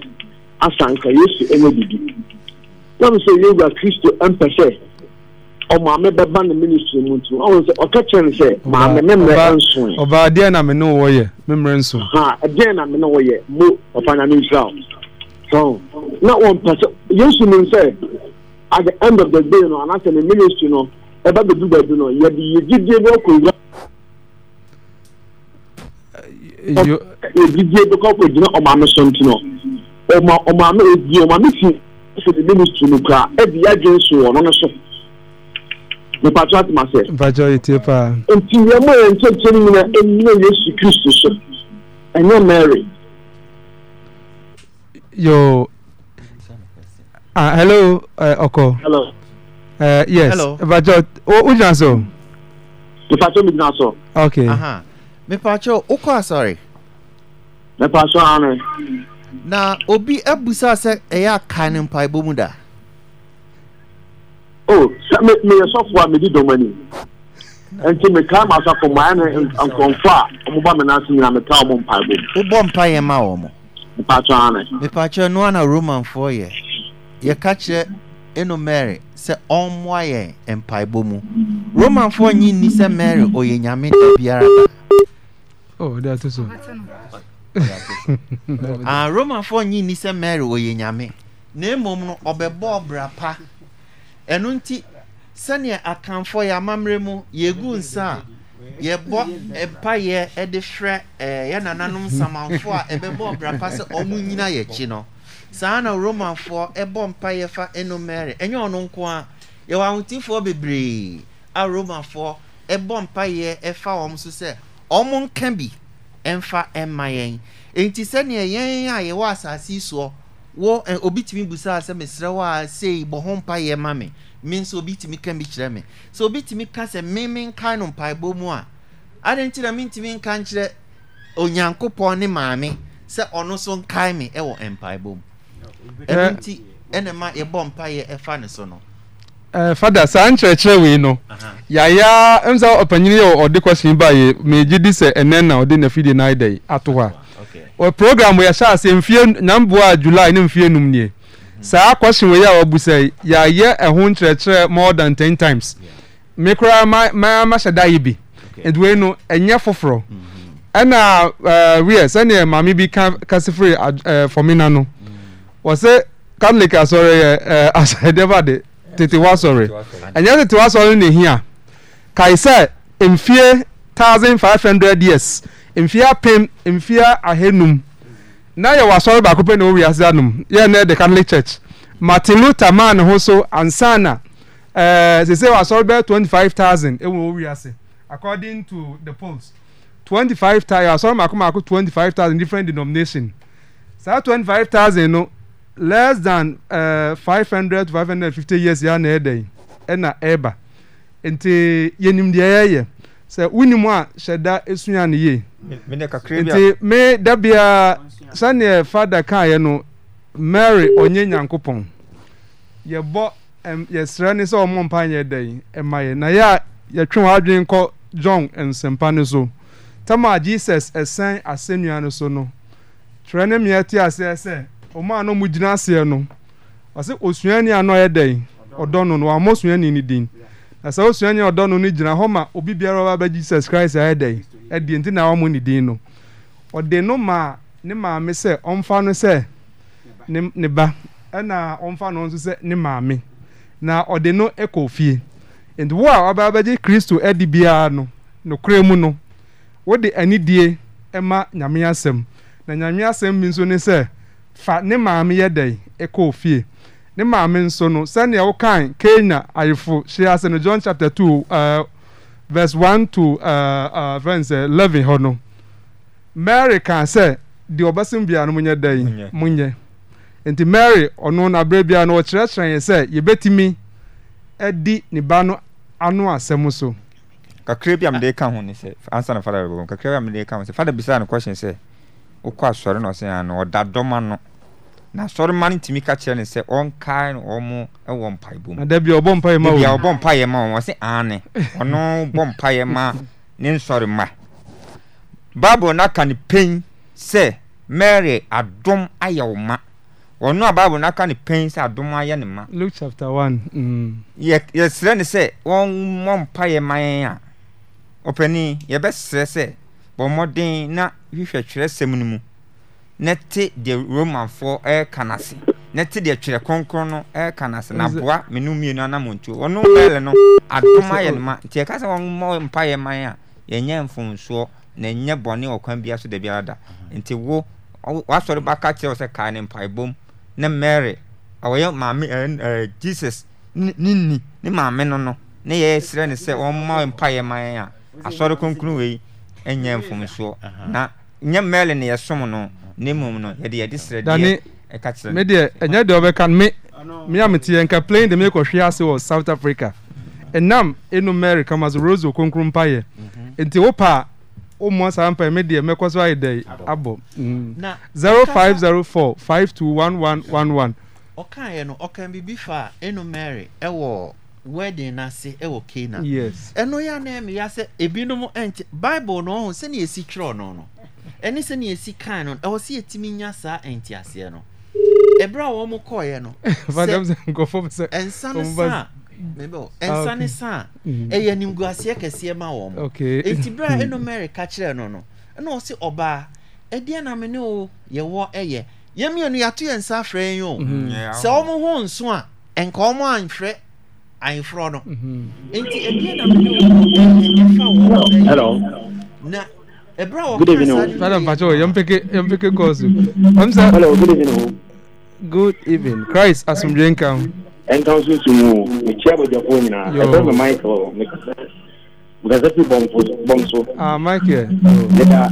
asanka yesu ɛnyɛ bibi na mo sɛ yɛwura kristo ɛmpɛ sɛ ɔmaame bɛba ne ministry mu nti ɔmo sɛ ɔka kyɛ no sɛ maame ne mmerɛ nsoe ɔbaa deɛ na me ne wɔ yɛ me mmerɛ nso ha ɛdeɛ na me ne wɔ yɛ mo ɔfa na me nhyira o na wɔmpɛ sɛ yesu nim sɛ at the end of the day no anaasɛ ne ministry no ɛba bɛdu baabi no yɛde yɛgyidie bi ɔkɔ wura ebidie bi kɔkɔ gyina ɔmaame so nti no ɔma ɔmaame ebie ɔmaame fi ɛsɛ de ministry no kura ɛbi adwene so wɔ ɔno no so nipatsɔ ati ma sɛ. nipatsɔ yi tie paa. nti yɛn mo yɛn nkyɛnkyɛn nyina enyina yesu kristu so ɛnyɛ mary. yo ah hello uh, ọkọ. hello. Uh, yes nipatsɔ o o gyina so. nipatsɔ mi gyina so. okay. Uh -huh. mepatwɛ wokɔ asɔre mepatwɛ ano na obi abusa sɛ ɛyɛ aka ne a ne a me nyina mpa yɛ ma wɔ mo mepatwɛ ano mepatwɛ no ana romanfoɔ yɛ yɛka kyerɛ ɛno mary sɛ ɔmmoa yɛn mpaebɔ mu romanfoɔ nyi nni sɛ mary ɔyɛ nyame da biara Oh, that is so. Ah, nyi ni sɛ Mary wɔyɛ nyame. Na mmom no ɔbɛbɔ ɔbra pa. Ɛno nti sɛnea akamfo yɛ amammerɛ mu yɛgu nsa e e e, a yɛbɔ mpayɛ ɛde frɛ ɛɛ yɛ nananom samanfo a ɛbɛbɔ ɔbra pa sɛ ɔmo nyina yɛ akyi no saa na romanfoɔ ɛbɔ mpayɛ fa ɛno mɛrɛ ɛnyɛ ɔno nko a yɛwɔ ahotifoɔ bebree a romanfoɔ ɛbɔ mpayɛ ɛfa wɔn so sɛ wɔn nka bi mfa mma yɛn nti sɛnea yɛn a yɛwɔ asase soɔ wɔ ɛ obi tumi busa asɛ mesrɛ wɔ a sei bɔ ho mpa yɛ ma mi mi nso obi tumi ka bi kyerɛ mi so obi tumi ka sɛ mímí nka no mpaebɔ mu a adi nti na mi ntumi nka nkyerɛ onyankopɔn ne maame sɛ ɔno nso nkae mi ɛwɔ mpaebɔ mu ɛnu nti ɛna ma yɛbɔ mpa yɛ ɛfa ne so no. Uh, eh, fada saa nkyerɛkyerɛ wei no uh -huh. yaya ɛm sɛ ɔpanyini yɛ ɔde kɔsin ba yɛ megye di sɛ ɛnɛ na ɔde nafidie no ayɛdɛ ato hɔ a program yɛhyɛ ase mfie nyamboa a july ne mfie num nie mhm. saa kɔsin wei a wɔbu sɛ yɛayɛ ɛho nkyerɛkyerɛ more than ten times mekura me koraa ma mahyɛ da yi bi nti wei no ɛnyɛ foforɔ mhm. ɛna wiɛ eh, sɛneɛ maame bi kase firi fɔmina no mm. wɔ sɛ catholic asɔre yɛ eh, asɔre dɛbade tètè wá sọ̀rọ̀ ẹ̀yẹ́ tètè wá sọ̀rọ̀ ní hìá kàì sẹ́ mfie thousand five hundred years mfie apem mfie ahenum na yɛ wɔ asɔre baako pɛ na wɔwi ase anum yɛ nɛ the catholic church martin luther maa ho so ansana ɛɛ sese wɔ asɔre bɛ twenty five thousand ɛwɔ wɔwi ase according to the polls twenty five thousand asɔre maako maako twenty five thousand different denomination saa twenty five thousand no less than uh, 500 to 550 years ya na ɛda yi ɛna ɛreba nti yɛnim deɛ yɛyɛ sɛ wonim a hyɛda esua no yie nti me da bia sɛneɛ fada kaeɛ no mary ɔnyɛ nyankopɔn yɛbɔ yɛsrɛ ne sɛ ɔmmɔ mpa yɛ da yi ɛma yɛ na yɛ a yɛtwe wɔ adwene kɔ john nsɛmpa no so tam a jesus ɛsɛn asɛnnua no so no twerɛ ne mmeɛ te aseɛ sɛ ɔmo a no gyina aseɛ no ɔsɛ osuani dɛn ɔdɔ no no wɔamɔ suani ne din na sɛ osuani ɔdɔ no no gyina hɔ ma obi biara ɔba bɛ jesus christ ayɛ dɛn ɛdeɛ nti na wɔamɔ ne din no ɔde no ne maame sɛ ɔmfa no sɛ ne ba ɛna ɔmfa no nso sɛ ne maame na ɔde no fie nti wo a ɔba kristo na nyame asɛm bi fa ne maame yɛ dɛn ɛkɔɔ fie ne maame nso no sɛnea wokan kenya ayefo hyɛ ase no john chapter two uh, verse one to uh, uh, verse eleven hɔ no mary kan sɛ deɛ ɔbɛsɛm biara no monyɛ dɛn monyɛ nti mary ɔno n'abrɛ biara no ɔkyerɛkyerɛ yɛn sɛ yɛbɛtumi ɛdi ne ba no ano asɛm so. kakra bi a mede ka ho ne sɛ ansa na fada bɛbɔ kakra bi a mede ka ho sɛ fada bisaa no question sɛ wokɔ asɔre na ɔsɛ ano ɔda dɔm ano na sɔrima no ntumi ka kyerɛ ne sɛ ɔnkae no ɔmo wɔ mpaebɔ mu dabi ɔbɔ mpaeɛ ma wɔn ɔbɔ mpaeɛ ma wɔn ɔse aane ɔno bɔ mpaeɛ ma ne ma. bible n'aka ne pɛn sɛ mary adom ayɛ wo ma ɔno a bible n'aka ne pɛn sɛ adom ayɛ ne ma luke chapter one mm. yɛ yɛsrɛ ne sɛ ɔmmɔ mpaeɛ ma yɛn a ɔpanin yɛbɛsrɛ sɛ bɔ mmɔden na hwehwɛ twerɛsɛm no mu na te deɛ romanfoɔ ɛreka n'ase na te deɛ twerɛ kronkron no ɛreka n'ase na boa menu mmienu anamontuo ɔno mpɛlɛ no adom ayɛ no ma nti ɛka sɛ wɔn mmɔ mpa yɛ man a yɛnyɛ mfonsoɔ na ɛnyɛ bɔne wɔ kwan biara so da biara mhm. nti wo wasɔre baka kyerɛ sɛ kaa ne mpaebom na mary ɔyɛ maame ɛɛ jesus ne ni ne maame no no ne yɛsrɛ no sɛ wɔmma mpayɛ man a asɔre kronkron wei ɛnyɛ mfomsoɔ na nyɛ mary ne yɛsom no ne mu no yɛde yɛde srɛdeɛ ɛka kyerɛ me deɛ ɛnyɛ deɛ ɔbɛka me me a mete yɛnka plane de mekɔhwe ase wɔ south africa ɛnam ɛnu mary kamas rose okonkron mpayɛ mhm. nti wopɛ a wommoa saa mpa me deɛ mɛkɔ so ayɛ dɛ abɔ 0504 521111 ɔkaeɛ no ɔka biribi fa ɛnu mary ɛwɔ wedding n'ase ɛwɔ kena ɛno yɛ anaa meyɛ sɛ ebinom ɛnkyɛ bible no ɔho sɛnea ɛsi twerɛ no no ɛne sɛ ne yɛsi kan no ɛwɔ sɛ yɛtumi nya saa ɛnteaseɛ no ɛberɛ a wɔn kɔɔeɛ no ɛnsa no sa ɛnsa ne sa a ah, mm-hmm. ɛyɛ animguaseɛ kɛseɛ ma wɔn enti berɛ a mm-hmm. ɛno mary ka kyerɛɛ no no ɛna ɔse ɔbaa ɛdeɛ na me ne wo yɛwɔ ɛyɛ yɛn mmienu yɛato yɛn nsa afrɛ yɛn o mm-hmm. sɛ wɔn ho nso a nka wɔn amfrɛ ayeforɔ no nti ɛdeɛ na me ne wo yɛfa wɔn ɛyɛ na. Good evening. Madam Pacho, you're picking calls. I'm sorry. Hello, good evening. Good evening. Christ, as I'm drinking. And council to move. The chair of Japan. I told my Michael. Because that's the bomb. Ah, Michael. Yeah.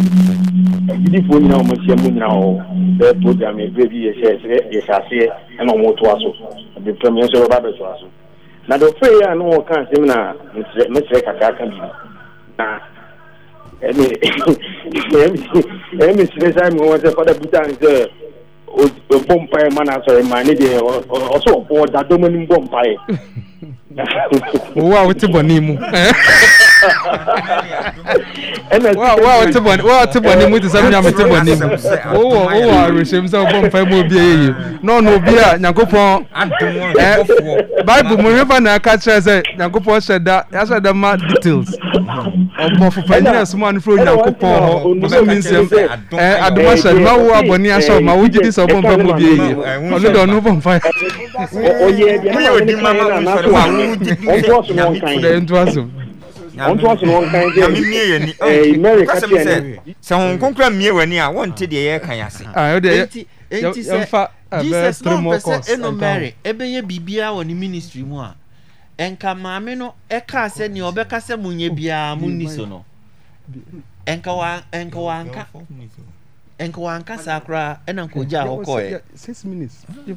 Gidi fo nyina ɔmo hyia mu nyina hɔ bɛɛ program ebire bi yɛ hyɛ yɛ hyɛ aseɛ ɛna ɔmo to aso ebi pɛm yɛn nso bɛba abɛto aso na dɔfra yi a ne wɔn ka na mesrɛ kakra ka bi na ɛni ɛmi sinisa mi wọn sɛ fada peter n sɛ bɔ mpa yɛ ma na sɔrɔ ma ne deɛ ɔsɛ ɔbɔ ɔda dɔmɔ ni bɔ mpa yɛ. owó àwọn ti bọ̀ ní imú wa ɔte bɔne mu te sɛ nyame te bɔne mu wowɔ awerɛhyɛm sɛ wobɔ mfa mu obi yɛyie na ɔno obi a nyankopɔn bible mu hwɛfa na ɛka kyerɛ sɛ nyankopɔn hyɛ da yɛahyɛ da ma details ɔbɔfopa nyina soma no frɛ onyankopɔn hɔ bosomi nsɛm adoma hyɛ ma wo abɔne ahyɛ ma wogye di sɛ wobɔ mfa mu obi yɛyie ɔno dɛ ɔno wobɔ mfa ɛntoasom ɔnto ɔso na ɔnkan dɛ nyame mie yɛ ni ɛɛ mɛri kati ɛni sɛ wɔn nkonkura ni a ah, wɔn ti deɛ yɛ kan yase. eti eti sɛ eh, jesus náà pɛ sɛ ɛnɔ mɛri ɛbɛyɛ biribiara wɔ ne ministry mu a nka maame no ɛka sɛ nea ɔbɛka sɛ mo nyɛ biara mo ni so no nka wa nka wa nka nka wa nka saa koraa ɛna nka ogya a ɔkɔɛ. six minutes. ɔn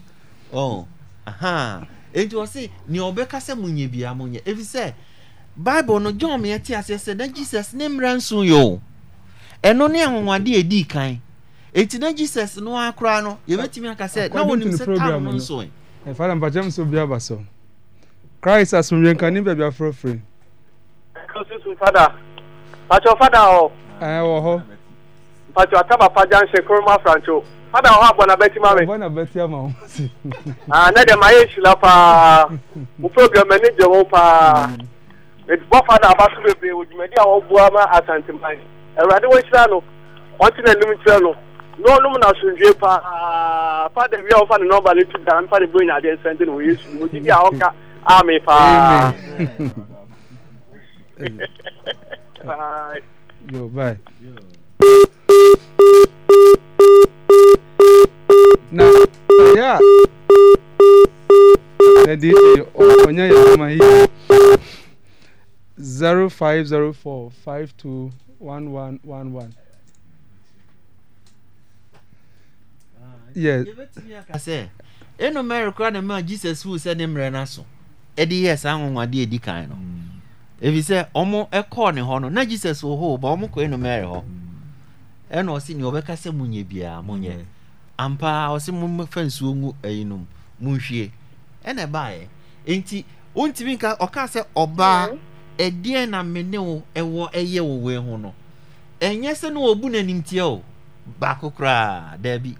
oh, ahan eti ɔsi nea ɔbɛka sɛ mo nyɛ biara ebi sɛ bible no john meɛ te aseɛ sɛ na jesus ne mmerɛ nso yɛ o ɛno ne anwanwadeɛ ɛdi kan ɛti na jesus no a koraa no yɛbɛtumi aka sɛ na wɔnim sɛ tam no nso ɛ fada mpakyɛm so bi aba so christ asomdwe nkane baabi afrɛfrɛ susu fada pakyɛ fada hɔ ɛɛ wɔ hɔ pakyɛ ataba pagya nhyɛ kuroma francho fada oh, hɔ abɔ na bɛti ma me abɔ na bɛti ama wo ah ne dɛm ayɛ nhyira paa wo program ani gye wo paa edubɔfa na aba bebree wɔ dwumadi a wɔboa ma asanteman awurade wɔhyira no ɔte n'anim kyerɛ no na na asomdwe paa fada wi a wɔfa ne nɔmba no tu da mfa ne bɛnya adeɛ nsɛnte ne yesu mu gyidi a ɔka ame paa bye. na ya na DJ onye ya ama 0504 521111 yes ɛno mary kora ne maa jesus wu sɛ ne mmerɛ no so ɛde yɛɛ saa nwanwadeɛ ɛdi kan no ɛfiri mm. sɛ ɔmo ɛkɔɔ e ne hɔ no na jesus wɔ hɔ ba ɔmo kɔ ɛno mary hɔ ɛna mm. ɔse nea ɔbɛka sɛ monyɛ biara monyɛ mm. ampa ɔse momfa nsuo ngu ayinom e monhwie ɛna e ɛbaeɛ enti wontumi nka ɔkaa sɛ ɔbaa mm -hmm. ɛdeɛ na mene wo ɛwɔ ɛyɛ wɔ wei ho no ɛnyɛ sɛ no wɔbu n'anim o baako koraa daabi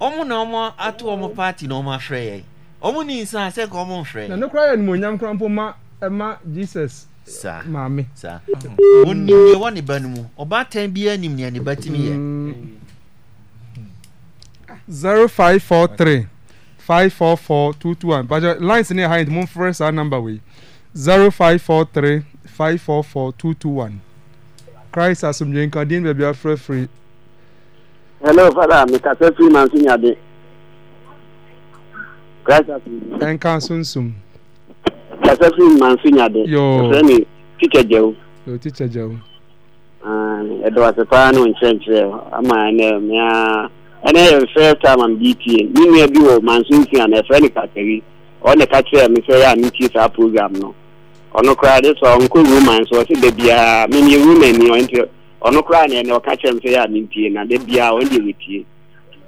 ɔmo na ɔmo ato ɔmo party na ɔmo afrɛ yɛ ɔmo ni nsa sɛ ka ɔmo na ne koraa yɛ animonyam koraa mpo ma ɛma jesus saa maame saa onim deɛ wɔ ne ba no mu nea lines zero five four three five four four two two one christ asomdwe nkadin baabi afrɛfrɛ hello fada mekasa firi ma nso nyade christ asomdwe ɛnka nsonsom kasa firi ma nso nyade ɛfrɛ me tikya gyawo yo tikya gyawo ɛdɔ ase paa ne wo nkyerɛnkyerɛ ama ɛnɛ mea ɛnɛ yɛ first time am bta me nua bi wɔ manso nsia na ɛfrɛ ne kasawi ɔne ka kyerɛɛ me sɛ yɛ a metie saa program no ɔno koraa de sɛ ɔnkɔ roman so ɔsɛ da mimi memyɛ ni ɔnti ɔno ni ne ɛne ɔka kyerɛ m yɛ a mentie na da biara ɔnde wɔtie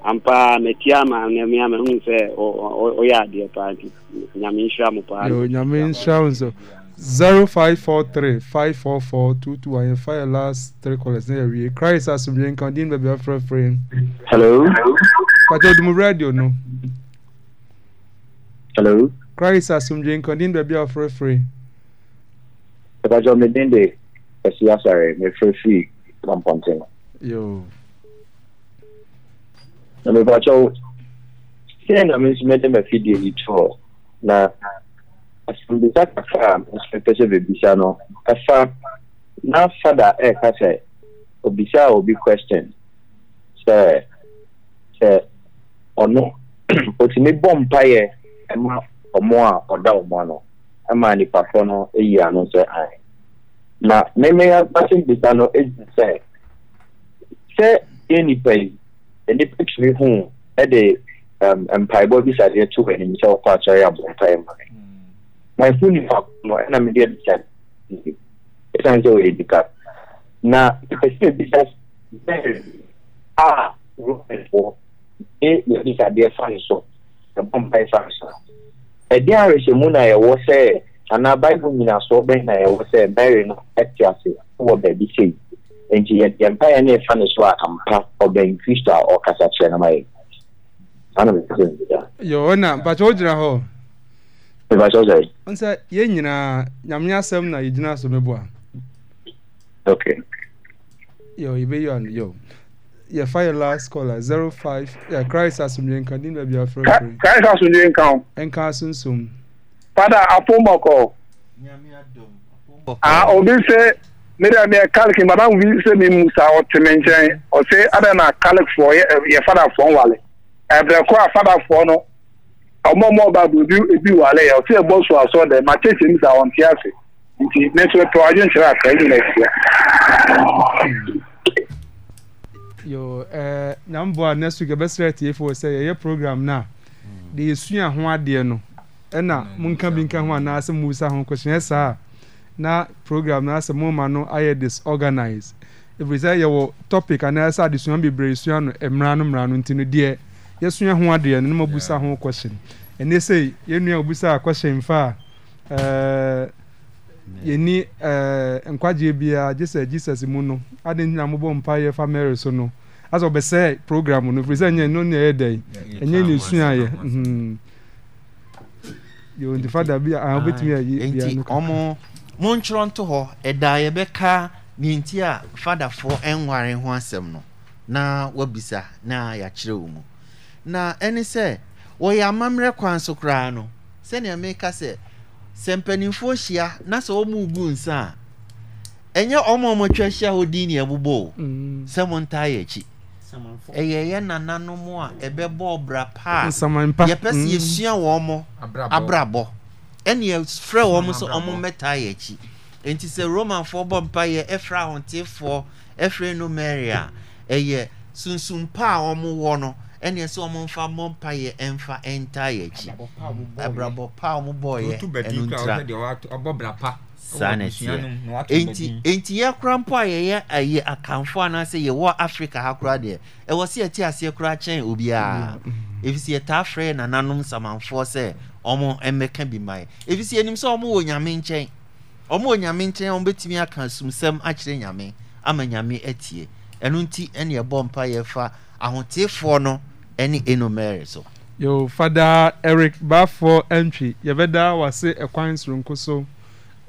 ampa metie ama name ama hu sɛ ɔyɛ adeɛ paa nti nyame nhyira mo paa nyame nhyira wo nso two 544 221 fire last three callers na yɛwie christ asomdwe nka din baabi afrɛfrɛ hello pakyɛ ɔdum radio no hello christ asomdwe nka din baabi afrɛfrɛ ɛbɛjɔ mi din de ɛsi asare mi firi firi pampɔnten. na mebɛjɔ sɛ na mi nso mɛde ma fidie yi tɔ na asembisa kakra a mɛpɛ sɛ bebisa no na fada ɛka sɛ obisa a obi question sɛ sɛ ɔno otumi bɔ mpaeɛ ɛma ɔmo a ɔda ɔmo ano ma nipafoɔ no e yi ano sɛ an e. na mmɛmɛya basi mbisa no edi sɛ sɛ yɛ e nipa yi nipa tiri ho de mpaebɔ bi sadeɛ to anim sɛ ɔkɔ akyɛre abɔntae ma hmm. na ɛfu nipa no ɛna mede adi sɛ ɛsiane sɛ ɔyɛ dika na pɛsɛ ebisa bɛɛ a rɔbɛfoɔ ne yɛ dikadeɛ fa ne so ɛbɔ mpae fa ne so ɛdeɛ arehyɛmu na yɛwɔ sɛ anaa baibu nyinasoɔ bɛn na yɛwɔ sɛ mary no ɛte ase wɔ baabi sɛ yi nti yɛdeɛ mpa yɛ ne ɛfa ne so a ampa ɔbɛn kristo a ɔkasa kyerɛ no ma yɛ yɛwɔ na mpakyɛ wogyina hɔ mpakyɛ sɛ nsɛ yɛn nyinaa nyame asɛm na yɛgyina so meboa okay yo yɛbɛyi ano yo yɛfa yɛ last caller zero five yɛ christ asomdwe nka din baabi afrɛ fɛ. christ asomdwe nka ah, o. nka asonsom. fada afomɔkɔ. a obi sɛ mmiri a mmiri kalik madam bi sɛ mi mu sa ɔte ne nkyɛn ɔsɛ ada na kalik fɔ yɛ eh, fada fɔ nwale ɛbrɛ eh, kɔ a fada fɔ no ɔmo ɔmo ɔba do ebi ebi wale yɛ ɔsɛ ɛbɔ so asɔ dɛ ma kyekye mi sa ɔnte ase nti ne nso pɛ ɔadwe nkyerɛ akra yi ahyia yo ɛɛ eh, nyambo a next week ɛbɛsrɛ tiefo sɛ yɛyɛ program na hmm. de esua ho adeɛ no ɛna eh, hmm. munka bi nka ho anaasɛ musa ho kɔsɛn saa na program na asɛ mo no ayɛ disorganized efiri sɛ yɛwɔ topic anaasɛ adesua bebree sua no mmra eh, no mmra no nti no deɛ yɛsua ho adeɛ no na mo busa ho kɔsɛn ɛnɛ sɛ yɛnua obusa kɔsɛn fa ɛɛ. yɛni eh, nkwagyeɛ biara gye sɛ jesus mu no ade ntina mobɔ mpa yɛ fa mary so no asɛ ɔbɛsɛ program no firi sɛ ɛnyɛ no ne ɛyɛ dɛn ɛnyɛ ne suaeɛ yɛwɔnti fada bi a wobɛtumi ah, ayi ɔmo monkyerɛ nto hɔ ɛda yɛbɛka ne nti a fadafoɔ ɛnware ho asɛm no na wabisa na yɛakyerɛ wo mu na ɛne sɛ wɔyɛ amammerɛ kwan so koraa no sɛnea meka sɛ sɛ mpanimfoɔ hyia na sɛ wɔn gu nsa a ɛnyɛ wɔn a wɔatwa ahyia hɔ din na ɛbobɔ o mm. sɛ mo ntaa yɛ akyi ɛyɛ yɛ nananom a ɛbɛbɔ ɔbra paa yɛpɛ sɛ mm. yɛsua wɔn abrabɔ ɛna yɛfrɛ wɔn so wɔn yɛ akyi nti sɛ romanfoɔ bɔ ɛfrɛ ahontefoɔ ɛfrɛ ɛyɛ sunsun paa wɔn no ɛne ɛsɛ ɔmo mfa mmɔ mpaeɛ ɛmfa ɛnta yɛ akyi abrabɔ pa a ɔmo bɔɔyɛ ɛno ntra saa na ɛteɛ enti enti yɛ kora mpo a yɛyɛ ɛyɛ akamfo anaasɛ yɛwɔ africa ha kora deɛ ɛwɔ sɛ yɛte aseɛ kora kyɛn obiara mm-hmm. efisɛ yɛtaa frɛ nananom samanfoɔ sɛ ɔmo ɛmɛka bi ma yɛ efisɛ yɛnim sɛ ɔmo wɔ nyame nkyɛn ɔmo wɔ nyame nkyɛn ɔmo bɛtumi aka sumsɛm akyerɛ nyame ama nyame atie ɛno nti ɛne ɛbɔ mpa yɛfa ahotefoɔ no ɛne enomere so. yo fada eric bafo entry yɛbɛda wase ɛkwan soronko so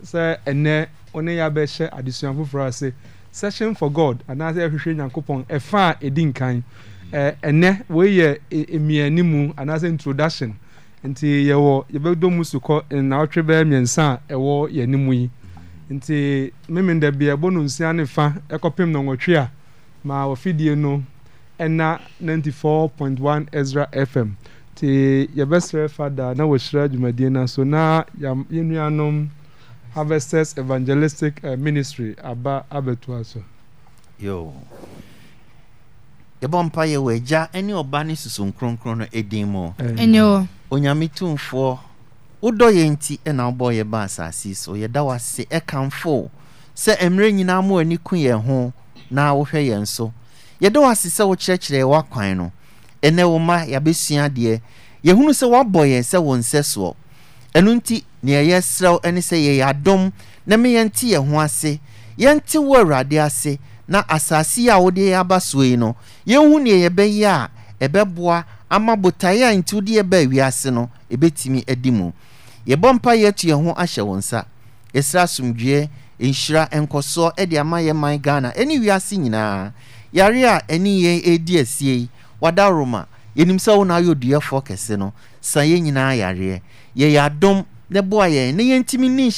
sɛ ɛnɛ ɔne yɛ abɛhyɛ adesua foforɔ ase session for god anaasɛ ɛhwehwɛ nyankopɔn ɛfa a ɛdi nkan ɛnɛ hmm. eh, wɔyɛ mmienu e, mu anaasɛ introduction nti yɛwɔ yɛbɛdɔ mu sukɔ nnaawɔtwe bɛyɛ mmiɛnsa a ɛwɔ yɛn anim yi nti mímí dɛbi ɛbɔ no nsia ne fa ɛkɔpem nɔnwɔtwe a ma wɔfidie no ɛna 94.1 ezra fm nti yɛbɛsrɛ fada na wɔhyira dwumadie no so na yɛnuanom harvesters evangelistic uh, ministry aba abɛtoa so yɛbɔ mpa yɛ wɔ agya ne ɔba ne susu nkronkron no ɛdin mu onyame tumfoɔ wodɔ yɛ nti ɛna wobɔ yɛ ba asase so yɛda wase ɛkamfo sɛ mmerɛ nyinaa ma w'ani ku yɛn ho na wohwɛ yɛn so yɛda wo ase wa wokyerɛkyerɛ w'akwan no ɛnɛ wo ma yɛabɛsua adeɛ yɛhunu sɛ woabɔ yɛn sɛ wo nsɛ soɔ ɛno nti nea yɛsrɛ ne sɛ yɛyɛ adom na me yɛnte yɛn ho ase yɛnte wo awurade ase na asase a wode aba soɔ yi no yɛnhu nea yɛbɛyɛ a ɛbɛboa ama botaeɛ a nti wode yɛba awiase no ɛbɛtumi adi mu yɛbɔ mpa yɛatu yɛn ho ahyɛ wo nsa yɛsrɛ asomdwoeɛ nhyira nkɔsoɔ de ama yɛ man ghana ɛne wiase nyinaa yare a ɛne yɛn ɛredi asie yi wada roma no san nyinaa na boa yɛn na yɛntumi ne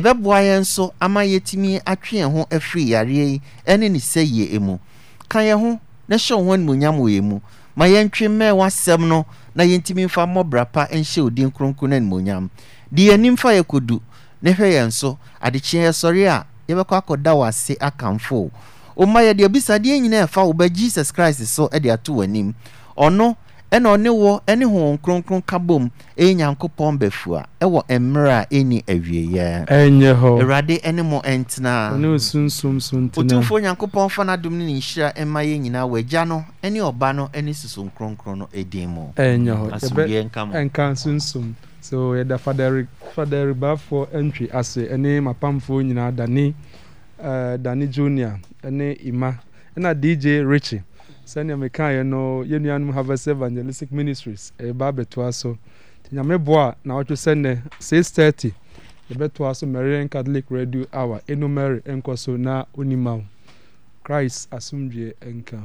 a nso ama atwe ho yi ɛne ka ho na hyɛ wɔn mu ma yɛntwe mmɛn w'asɛm no na yɛntumi mfa mmɔbra nhyɛ odin kronkron no animonyam de yɛn anim fa yɛ kodu ne hwɛ ɔma yɛ deɛ bisadeɛ nyinaa ɛfa wo jesus christ so de ato w'anim ɔno ɛna ɔne wɔ ne honhom kronkron kabom bom ɛyɛ nyankopɔn bɛfua ɛwɔ mmerɛ a ɛni awieeɛ ɛnyɛ hɔ awurade ne mo ɛntena ɔtumfoɔ nyankopɔn fa no adom no ne nhyira ɛma yɛ nyinaa wɔ agya no ne ɔba no ne susom kronkron no ɛdin mu ɛnyɛ hɔ ɛnka sunsum so yɛda fadaribafoɔ ntwi ase ne mapamfoɔ nyinaa dani. Eh, dani jr Junior ne Ima ɛna DJ Richie sɛnea mekaeɛ no yɛnuanom Harvest Evangelistic Ministries ɛba e abɛtoa so nyame boa na wɔtwe sɛ nnɛ 6:30 yɛbɛtoa so Marian Catholic Radio Hour ɛnomɛre nkɔ so na onima wo Christ nka